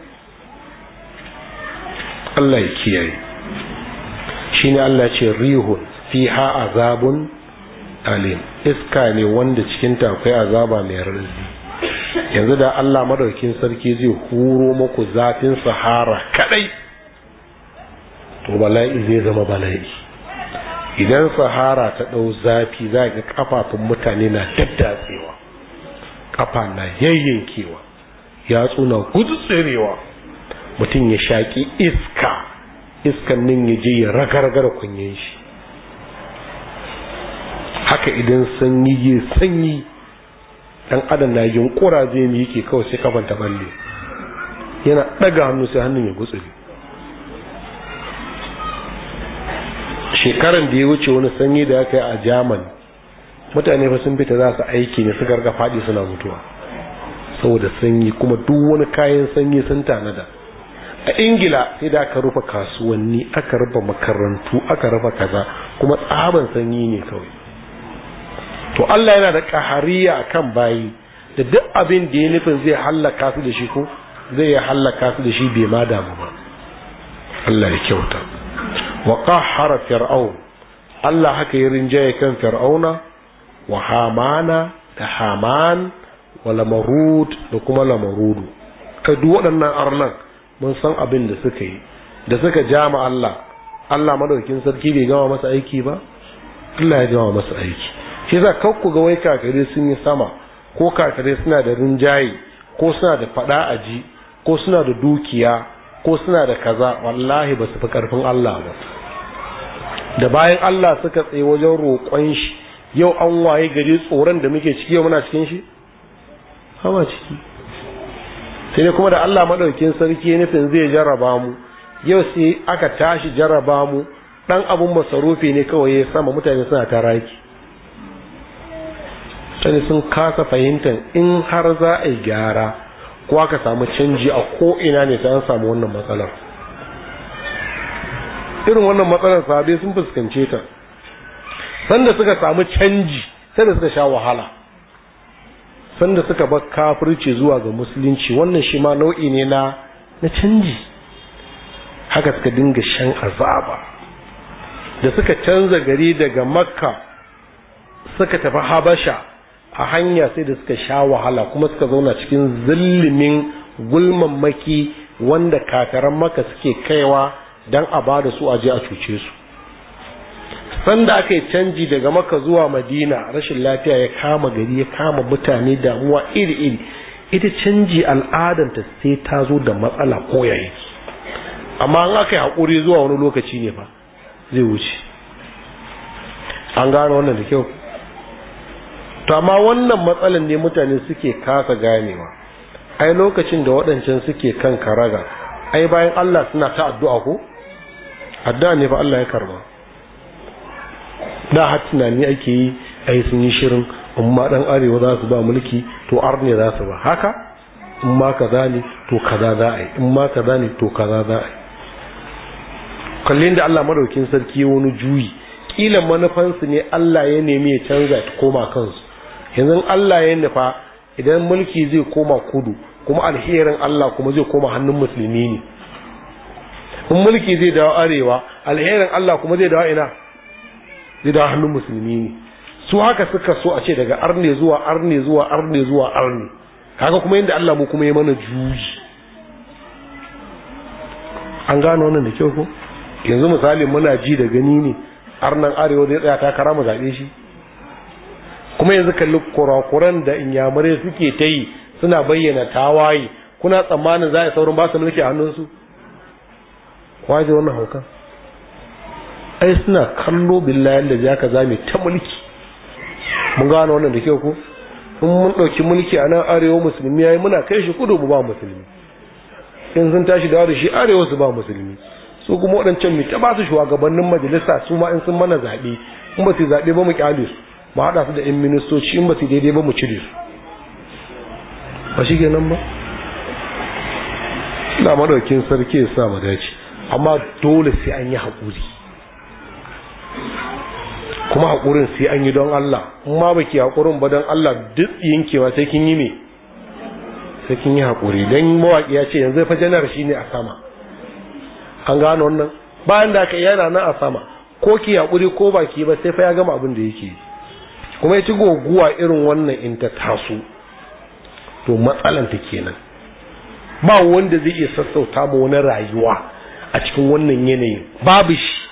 Allah ya kiyaye ne Allah ce rihun fiha azabun alim iska ne wanda cikin akwai azaba mai rarrazi yanzu da Allah madaukin sarki zai huro maku zafin sahara kadai to bala'i zai zama bala'i idan sahara ta dau zafi za ga kafafun mutane na daddatsewa kafa na yayyankewa yatsu na gutsurewa mutum ya shaki iska iskan nan ya je ya ragargara kunyen shi haka idan sanyi ya sanyi dan adam na yunkura zai mi yake kawai sai kafan ta balle yana daga hannu sai hannun ya gutsuri shekaran da ya wuce wani sanyi da aka yi a jaman mutane ba sun fita za su aiki ne su garga faɗi suna mutuwa saboda sanyi kuma duk wani kayan sanyi sun tanada a ingila sai da aka rufe kasuwanni aka rufe makarantu aka rufe kaza kuma tsaban sanyi ne kawai to allah yana da kahariya a kan bayi da duk abin da ya nufin zai hallaka su da shi ko zai ya hallaka su da shi bai ma damu ba allah ya kyauta wa qahhara fir'aun allah haka ya rinjaye kan fir'auna wa hamana da haman wa lamarud da kuma lamarudu ka duk waɗannan arnan mun san abin da suka yi da suka ja Allah Allah madaukin sarki bai gama masa aiki ba Allah ya gama masa aiki shi yasa kar ku ga wai kakare sun yi sama ko kakare suna da rinjaye ko suna da fada aji ko suna da dukiya ko suna da kaza wallahi ba su fi karfin Allah ba da bayan Allah suka tsaye wajen roƙon shi yau an waye gari tsoron da muke ciki yau muna cikin shi hawa ciki sai kuma da Allah madaukin sarki ya nufin zai jarraba mu yau sai aka tashi jarraba mu dan abun masarufi ne kawai ya sama mutane suna taraki sai sun kasa fahimtar in har za a yi gyara ko aka samu canji a ko ina ne sai an samu wannan matsalar irin wannan matsalar sabai sun fuskance ta sanda suka samu canji sai da suka sha wahala sanda suka bar kafirci zuwa ga musulunci wannan shi ma nau'i ne na na canji haka suka dinga shan azaba da suka canza gari daga makka suka tafi habasha a hanya sai da suka sha wahala kuma suka zauna cikin zullumin gulmammaki wanda kakaran maka suke kaiwa don a ba da su aje a cuce su sanda aka yi canji daga maka zuwa madina rashin lafiya ya kama gari ya kama mutane damuwa iri-iri ita canji al'adanta sai ta zo da matsala ko amma an aka yi haƙuri zuwa wani lokaci ne fa zai wuce an gano wannan da kyau to amma wannan matsalan ne mutane suke kasa ganewa ai lokacin da waɗancan suke kan karaga ai bayan Allah suna ta addu'a ko addu'a ne fa Allah ya karba da har tunani ake yi a yi sun yi shirin in ma dan arewa za su ba mulki to arne za su ba haka in ma za ne to kaza za a yi in ma za ne to ka za a yi kallon da Allah madaukin sarki wani juyi kila manufansu ne Allah ya nemi ya canza ta koma kansu yanzu Allah ya nufa idan mulki zai koma kudu kuma alherin Allah kuma zai koma hannun musulmi ne in mulki zai dawo arewa alherin Allah kuma zai dawo ina gidan hannun musulmi ne su haka suka so a ce daga arne zuwa arne zuwa arne zuwa arne haka kuma yadda Allah mu kuma ya mana juji an gano wannan da kyau ko yanzu misali muna ji da gani ne arnan arewa zai tsaya takara mu zaɓe shi kuma yanzu kalli kurakuran da inyamare suke ta yi suna bayyana tawaye kuna tsammanin za a saurin ba su hannunsu kwaje wannan haukan ai suna kallo billahi da zaka zame ta mulki mun gane wannan da kyau ko in mun dauki mulki a nan arewa musulmi yayi muna kai shi kudu ba musulmi in sun tashi da shi arewa su ba musulmi su kuma waɗancan mu ta ba su shugabannin majalisa su ma in sun mana zaɓe in ba su zaɓe ba mu kyale su mu haɗa su da yan ministoci in ba su daidai ba mu cire su ba shi kenan ba ina madaukin sarki ya sa mu dace amma dole sai an yi haƙuri kuma haƙurin sai an yi don Allah ma ba ki haƙurin ba don Allah duk yankewa sai kin yi me sai kin yi haƙuri don mawaƙi ya ce yanzu fa janar shi ne a sama an gano wannan bayan da aka yana nan a sama ko ki haƙuri ko ba ki ba sai fa ya gama abin da yake yi kuma ya ci goguwa irin wannan in ta taso to ta kenan ba wanda zai iya sassauta mu wani rayuwa a cikin wannan yanayin babu shi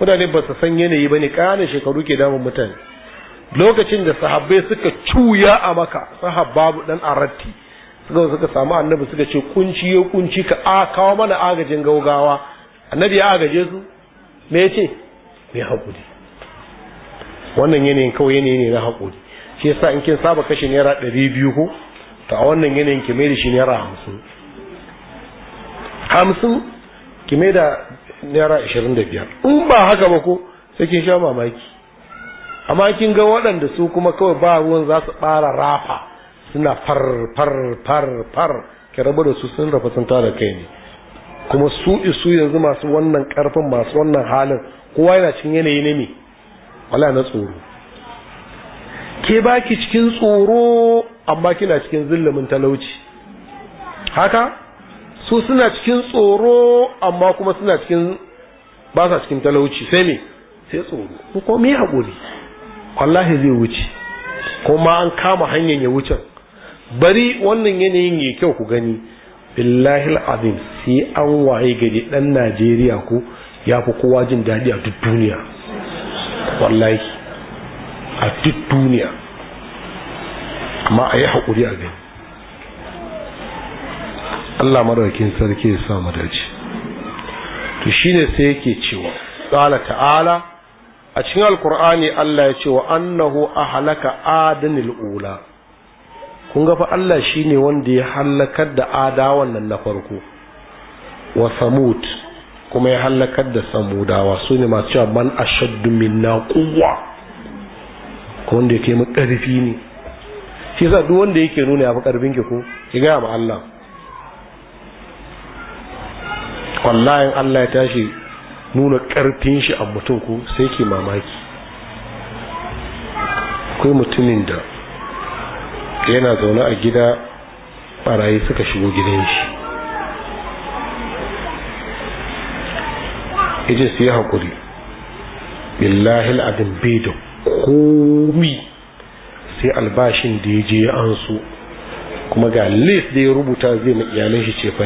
mutane ba su san yanayi ba ne ƙananan shekaru ke damun mutane lokacin da sahabbai suka cuya a maka sahabbabu dan aratti suka suka samu annabi suka ce kunci ya kunci ka a kawo mana agajin gaugawa annabi ya agaje su me yace me hakuri wannan yanayin kawai yanayi ne na hakuri shi yasa in kin saba kashe naira ɗari biyu ko to a wannan yanayin ki mai da shi naira hamsin hamsin ki mai da naira ashirin da biyar in ba haka ba ko sai kin sha mamaki amma kin ga waɗanda su kuma kawai ba ruwan za su ɓara rafa suna far far far far ki rabu da su sun rafa sun tara kai ne kuma su isu yanzu masu wannan karfin masu wannan halin kowa yana cikin yanayi ne me wala na tsoro ke baki cikin tsoro amma kina cikin zillumin talauci haka su suna cikin tsoro amma kuma suna cikin ba sa cikin talauci sai me sai tsoro ko kuma me hakuri wallahi zai wuce kuma an kama hanyar ya wuce bari wannan yanayin ya kyau ku gani billahi azim sai an waye gari ɗan Najeriya ko ya fi kowa jin daɗi a duk duniya wallahi a duk duniya amma a yi haƙuri a gani Allah madaukin sarki ya sa mu dace to shine sai yake cewa qala ta'ala a cikin alqur'ani Allah ya ce wa annahu ahlaka adanil ula kun ga fa Allah shine wanda ya halakar da adawan nan na farko wa samud kuma ya halakar da samudawa su ne masu cewa man ashaddu minna quwwa wanda yake mu karfi ne shi yasa duk wanda yake nuna ya fi karfin ki ko ki ga ma Allah wallahi Allah ya tashi nuna karfin shi a mutum ko sai ke mamaki akwai mutumin da yana zaune a gida barayi suka shigo gidan shi yace su yi haƙuri billahi abin bai da komi sai albashin da ya je ya ansu kuma ga list da ya rubuta zai ma iyalan shi ce fa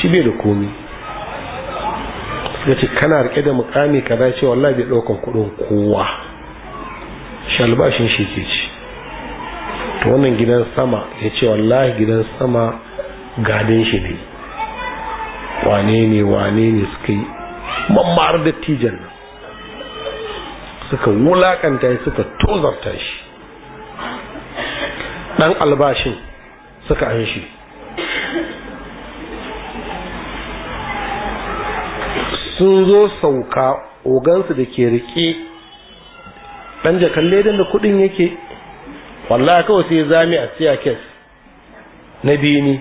shi bai da komi ya ce kana rike da mukami za ce wallahi bai daukan kudin kowa shi albashin shi ke ci to wannan gidan sama ya ce wallahi gidan sama gadin shi ne wane ne wane ne suka yi mammar da tijan nan suka wulakanta shi suka tozarta shi dan albashin suka an shi sun zo sauka ogansu da ke rike dan jakan ledan da kuɗin yake wallah kawai sai zami a siya kes na bini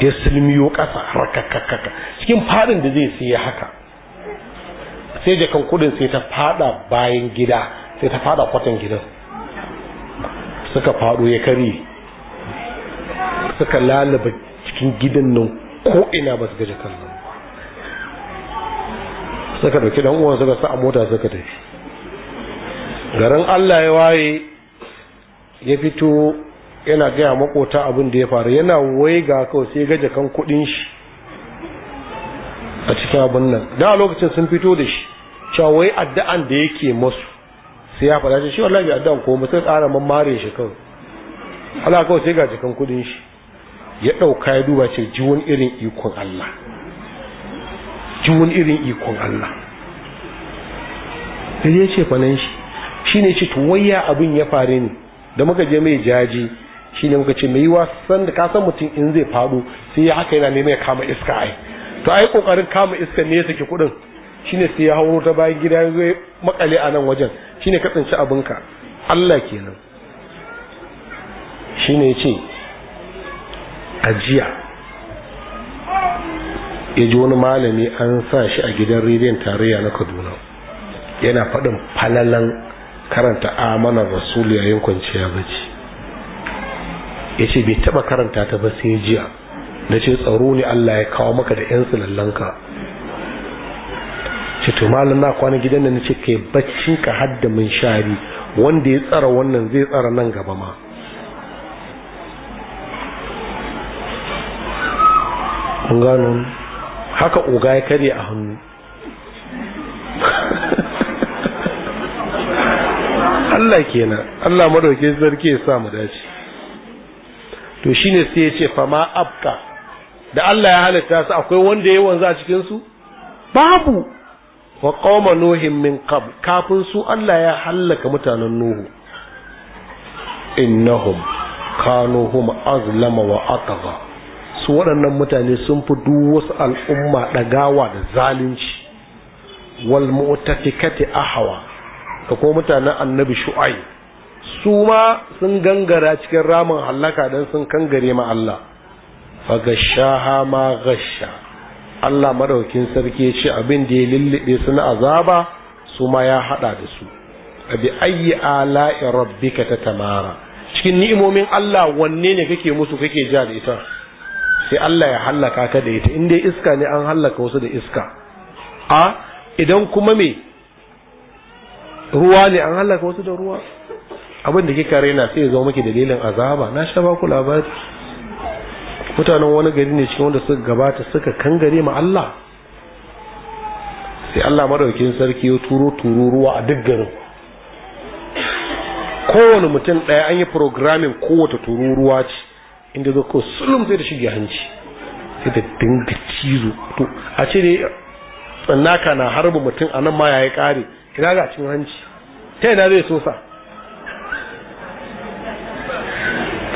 ya silmiyo ƙasa rakakakaka cikin fadin da zai siya haka sai jakan kudin sai ta fada bayan gida sai ta fada kwatan gidan suka fado ya karye, suka lalaba cikin gidan nan ko ina ba su gaji kallon suka dauki dan uwan suka sa a mota suka tafi garin Allah ya waye ya fito yana gaya makota abin da ya faru yana wai ga kawai sai gaje kan kudin shi a cikin abin nan da a lokacin sun fito da shi cewa wai addu'an da yake masu sai ya faɗa shi wallahi addu'an ko ba sai ƙara mamare shi kawai ala kawai sai gaji kan kudin shi ya ɗauka ya duba ce ji wani irin ikon Allah ji irin ikon Allah da ya ce fanan shi shi ne ce tuwayya abin ya fari ne da muka je mai jaji shi ne muka ce mai yiwa san da kasan mutum in zai faɗo sai ya haka yana neman ya kama iska ai to ai kokarin kama iska ne ya saki kuɗin shi ne sai ya hauro ta bayan gida ya zo makale a nan wajen shi ne ka tsinci abinka Allah kenan shi ne ce ajiya ya ji wani malami an sa shi a gidan rediyon tarayya na kaduna yana faɗin falalan karanta amana rasul yayin kwanciya bacci ya ce bai taɓa karanta ta ba sai jiya na ce tsaro ne allah ya kawo maka da 'yan tsilallanka ce to malam na kwana gidan da na ce kai bacci ka hadda mun shari wanda ya tsara wannan zai tsara nan gaba ma An gano haka oga ya kare a hannu Allah kenan Allah madauke sarki ya sa mu dace to shine sai ya ce fama abka da Allah ya halitta su akwai wanda ya wanzu a cikin su babu wa qauma nuhin min qabl kafin su Allah ya halaka mutanen nuhu innahum kanu hum azlama wa atgha su waɗannan mutane sun fi duk wasu al'umma ɗagawa da zalunci wal mu'tafikati ahwa da kuma mutanen annabi shu'ai su ma sun gangara cikin ramin hallaka dan sun kangare ma Allah fa gashaha ma gasha Allah madaukin sarki ya ce abin da ya lullube su na azaba su ma ya hada da su abi ayi ala'i rabbika tatamara cikin ni'imomin Allah wanne ne kake musu kake ja da ita sai Allah ya hallaka ka da ita in dai iska ne an hallaka wasu da iska a idan kuma me ruwa ne an hallaka wasu da ruwa abin da kika raina sai ya zo miki dalilin azaba na sha baku labari mutanen wani gari ne cikin wanda suka gabata suka kangare ma Allah sai Allah madaukin sarki ya turo turo ruwa a duk garin kowane mutum ɗaya an yi programming kowace tururuwa ce inda zo ko sulum zai da shige hanci sai da dinga cizo to a ce ne tsannaka na harba mutum a nan ma ya yi kare ina ga cin hanci ta yana zai sosa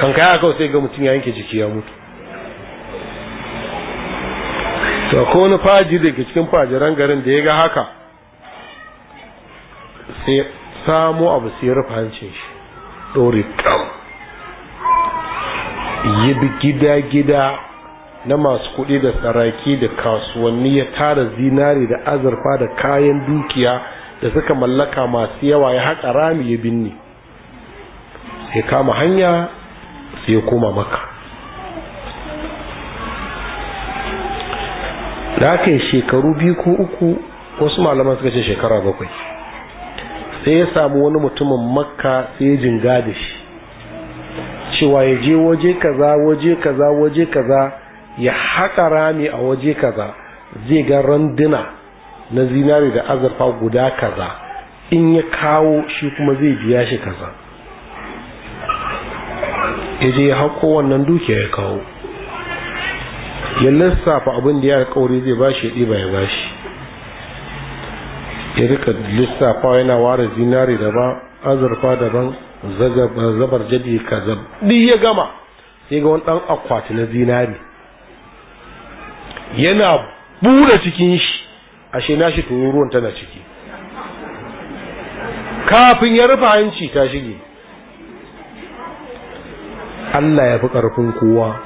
kan kaya kawai sai ga mutum ya yanke jiki ya mutu to ko wani faji daga cikin fajiran garin da ya ga haka sai samo abu sai rufa hancin shi dore kam ya bi gida-gida na masu kuɗi da saraki da kasuwanni ya tara zinari da azurfa da kayan dukiya da suka mallaka masu yawa ya haƙa rami ya binne sai kama hanya sai ya koma maka da aka yi shekaru biyu ko uku wasu malaman suka ce shekara bakwai sai ya samu wani mutumin makka sai ya jinga da shi cewa ya je waje kaza waje kaza waje kaza ya haƙa rami a waje kaza zai ga randuna na zinari da azurfa guda kaza in ya kawo shi kuma zai biya shi kaza ya je ya haƙo wannan dukiya ya kawo ya lissafa abin da ya alƙawari zai bashi ya ɗiba ya bashi ya rika lissafa yana ware zinari daban azurfa daban zabar jadi kazab ni ya gama sai ga wani dan akwati na zinari yana bude cikin shi ashe na shi tururuwan tana ciki kafin ya rufe hanci ta shige Allah ya fi ƙarfin kowa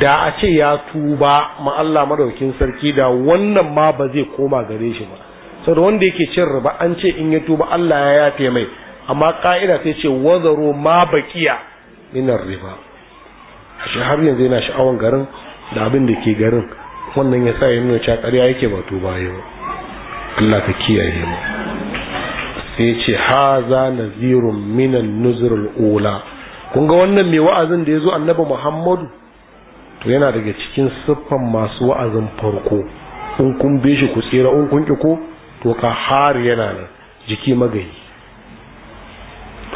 da a ce ya tuba ma Allah madaukin sarki da wannan ma ba zai koma gare shi ba saboda wanda yake cin riba an ce in ya tuba Allah ya yafe mai amma ƙa'ida sai ce wazaro ma bakiya minar riba a shi har yanzu yana sha'awan garin da abin da ke garin wannan ya sa ya nuna cewa ƙarya yake ba to ba yau Allah ka kiyaye mu sai ha ce haza zirun minan nuzurul ula kun ga wannan mai wa'azin da ya zo annabi muhammadu to yana daga cikin siffan masu wa'azin farko in kun bi shi ku tsira in kun ki to ka har yana nan jiki magayi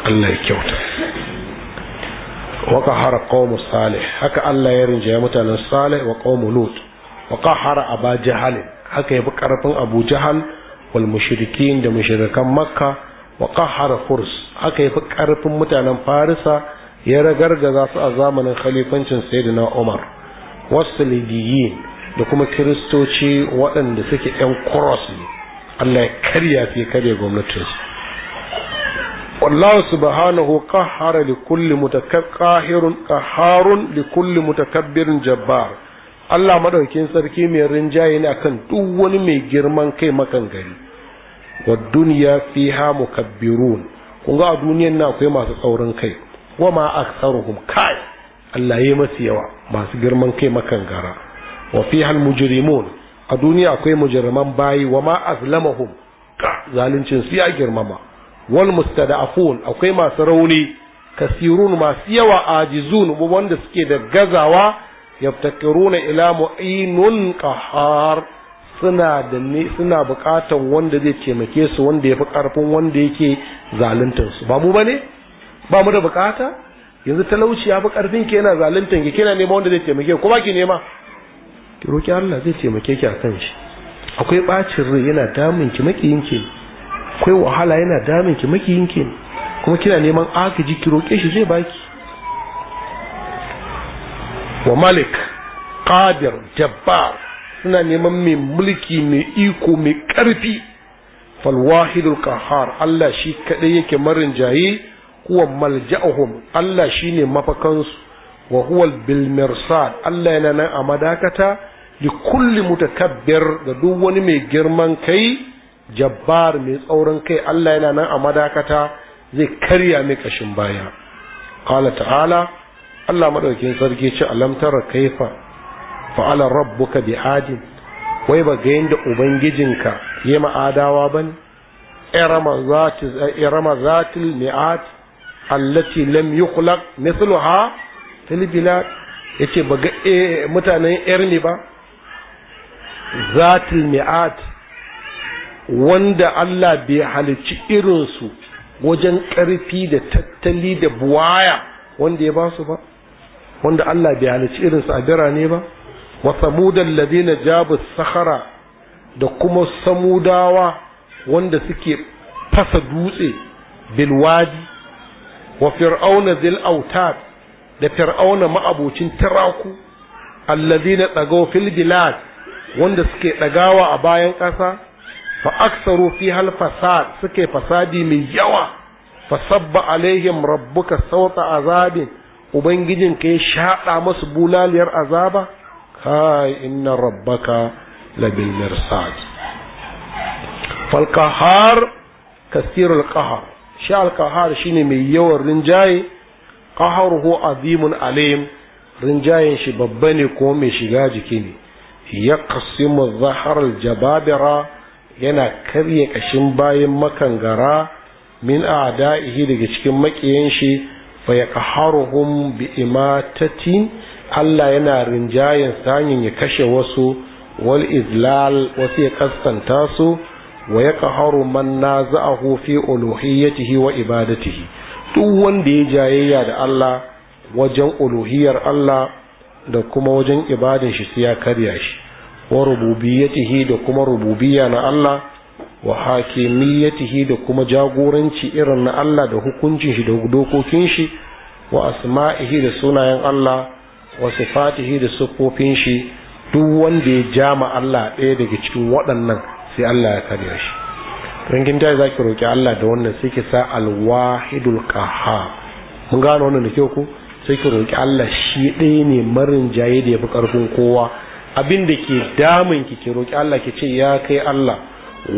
Allah ya kyauta wa qahara salih haka Allah ya rinjaya mutanen salih wa qawmu lut wa qahara aba jahal haka yafi karfin abu jahal wal mushrikin da mushrikan makka wa qahara furs haka yafi karfin mutanen farisa ya ragargaza su a zamanin khalifancin sayyidina umar wasu lidiyin da kuma kiristoci waɗanda suke 'yan cross ne allah ya karya fi karya gwamnatinsu wallahu subhanahu qahhara li kulli mutakabbirun qahharun li kulli mutakabbirin jabbar Allah maɗaukin sarki mai rinjaye ne akan duk wani mai girman kai makan gari wa dunya fiha mukabbirun kun ga a duniyan nan akwai masu tsaurin kai wa ma aktsaruhum kai Allah yayi masu yawa masu girman kai makan gara wa fiha almujrimun a duniya akwai mujriman bayi wa ma azlamahum ka zalincin ya girmama wal mustada'afun akwai masu rauni kasirun masu yawa ajizun wanda suke da gazawa yaftakiruna ila mu'inun qahar suna da ne suna bukatan wanda zai taimake su wanda yafi karfin wanda yake zaluntar su ba mu bane ba mu da bukata yanzu talauci ya fi karfin ke yana zaluntar ki kina nema wanda zai taimake ku ba ki nema ki roki Allah zai taimake ki akan shi akwai bacin rai yana damun ki makiyin ki akwai wahala yana damin ki makiyin ki kuma kina neman agaji ki roƙe shi zai baki wa malik qadir jabbar suna neman mai mulki mai iko mai ƙarfi wahidul qahar Allah shi kadai yake marin jayi. huwa malja'uhum Allah shine su. wa huwa bilmirsad Allah yana nan a madakata li kulli mutakabbir da duk wani mai girman kai jabbar mai tsaurin kai Allah yana nan a madakata zai karya mai kashin baya qala ta'ala Allah madaukakin sarki ce alam tara kaifa fa'ala rabbuka bi adin wai ba ga yanda ubangijinka yayi adawa bane irama zati irama zatil mi'at allati lam yukhlaq mithluha fil bilad yace ba ga eh, mutanen irmi ba zatil mi'at wanda Allah bai halici irinsu wajen ƙarfi da tattali da buwaya wanda ya ba su ba wanda Allah bai halici irinsu a birane ba wa samudan ladina jabu sahara da kuma samudawa wanda suke fasa dutse bilwadi wa fir'auna zil autad da fir'auna ma'abocin tiraku alladina dagaw fil bilad wanda suke dagawa a bayan ƙasa فأكثروا فيها الفساد سكي فساد من يوا فصب عليهم ربك صوت عذاب وبنجدين كي شاء عمس بولال ير عذابا هاي إن ربك لبالمرصاد فالقهار كثير القهر شاء القهار شيني من رنجاي الرنجاي قهره عظيم عليم رنجاي شبابني كومي شجاجي كيني يقسم الظهر الجبابره yana karya kashin bayan makangara min a ihi daga cikin makiyan shi fa yaqharuhum bi imatatin Allah yana rinjayen sanyin ya kashe wasu wal izlal wasu ya kaskanta su wa ya yaqharu man naza'ahu fi uluhiyyatihi wa ibadatihi duk wanda ya jayayya da Allah wajen uluhiyar Allah da kuma wajen ibadin shi sai ya karya shi wa rububiyatihi da kuma rububiya na Allah wa hakimiyatihi da kuma jagoranci irin na Allah da hukuncin shi da dokokin shi wa asma'ihi da sunayen Allah wa sifatihi da sifofin shi duk wanda ya jama Allah ɗaya daga cikin waɗannan sai Allah ya kare shi rangin ta zaki roki Allah da wannan sai ki sa alwahidul qahhar mun gano wannan da kyau ku, sai ki roki Allah shi ɗaya ne marin jaye da yafi ƙarfin kowa abin da ke damun ki ki roƙi Allah ki ce ya kai Allah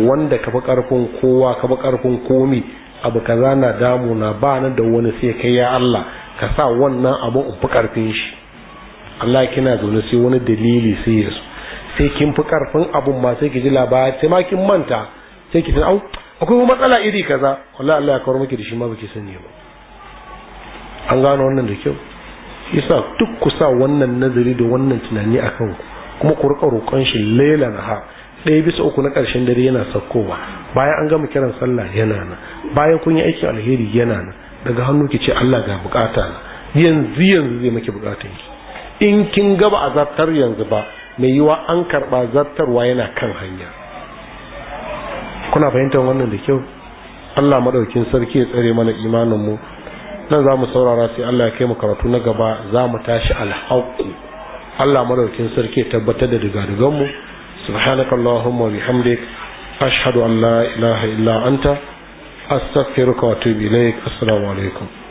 wanda ka fi karfin kowa ka fi karfin komi abu kaza na damu na ba nan da wani sai kai ya Allah ka sa wannan abu in fi karfin shi Allah kina zaune sai wani dalili sai ya sai kin fi karfin abun ma sai ki ji labari sai ma kin manta sai ki au akwai matsala iri kaza wallahi Allah ya kawar miki da shi ma baki sani ba an gano wannan da kyau yasa duk ku sa wannan nazari da wannan tunani a kanku kuma ku rika roƙon shi laila na ha ɗaya bisa uku na ƙarshen dare yana saukowa bayan an gama kiran sallah yana na. bayan kun yi aikin alheri yana na. daga hannu ki ce Allah ga bukata na yanzu yanzu zai maki bukatan ki in kin gaba a zartar yanzu ba mai yiwa an karɓa zartarwa yana kan hanya kuna fahimtar wannan da kyau Allah maɗaukin sarki ya tsare mana imanin mu nan za mu saurara sai Allah ya kai mu karatu na gaba za mu tashi alhaku. Allah madaukin sarki tabbatar da riga mu subhanaka allahumma bihamdik ashhadu an la ilaha illa anta astaghfiruka wa atubu ilaik assalamu alaikum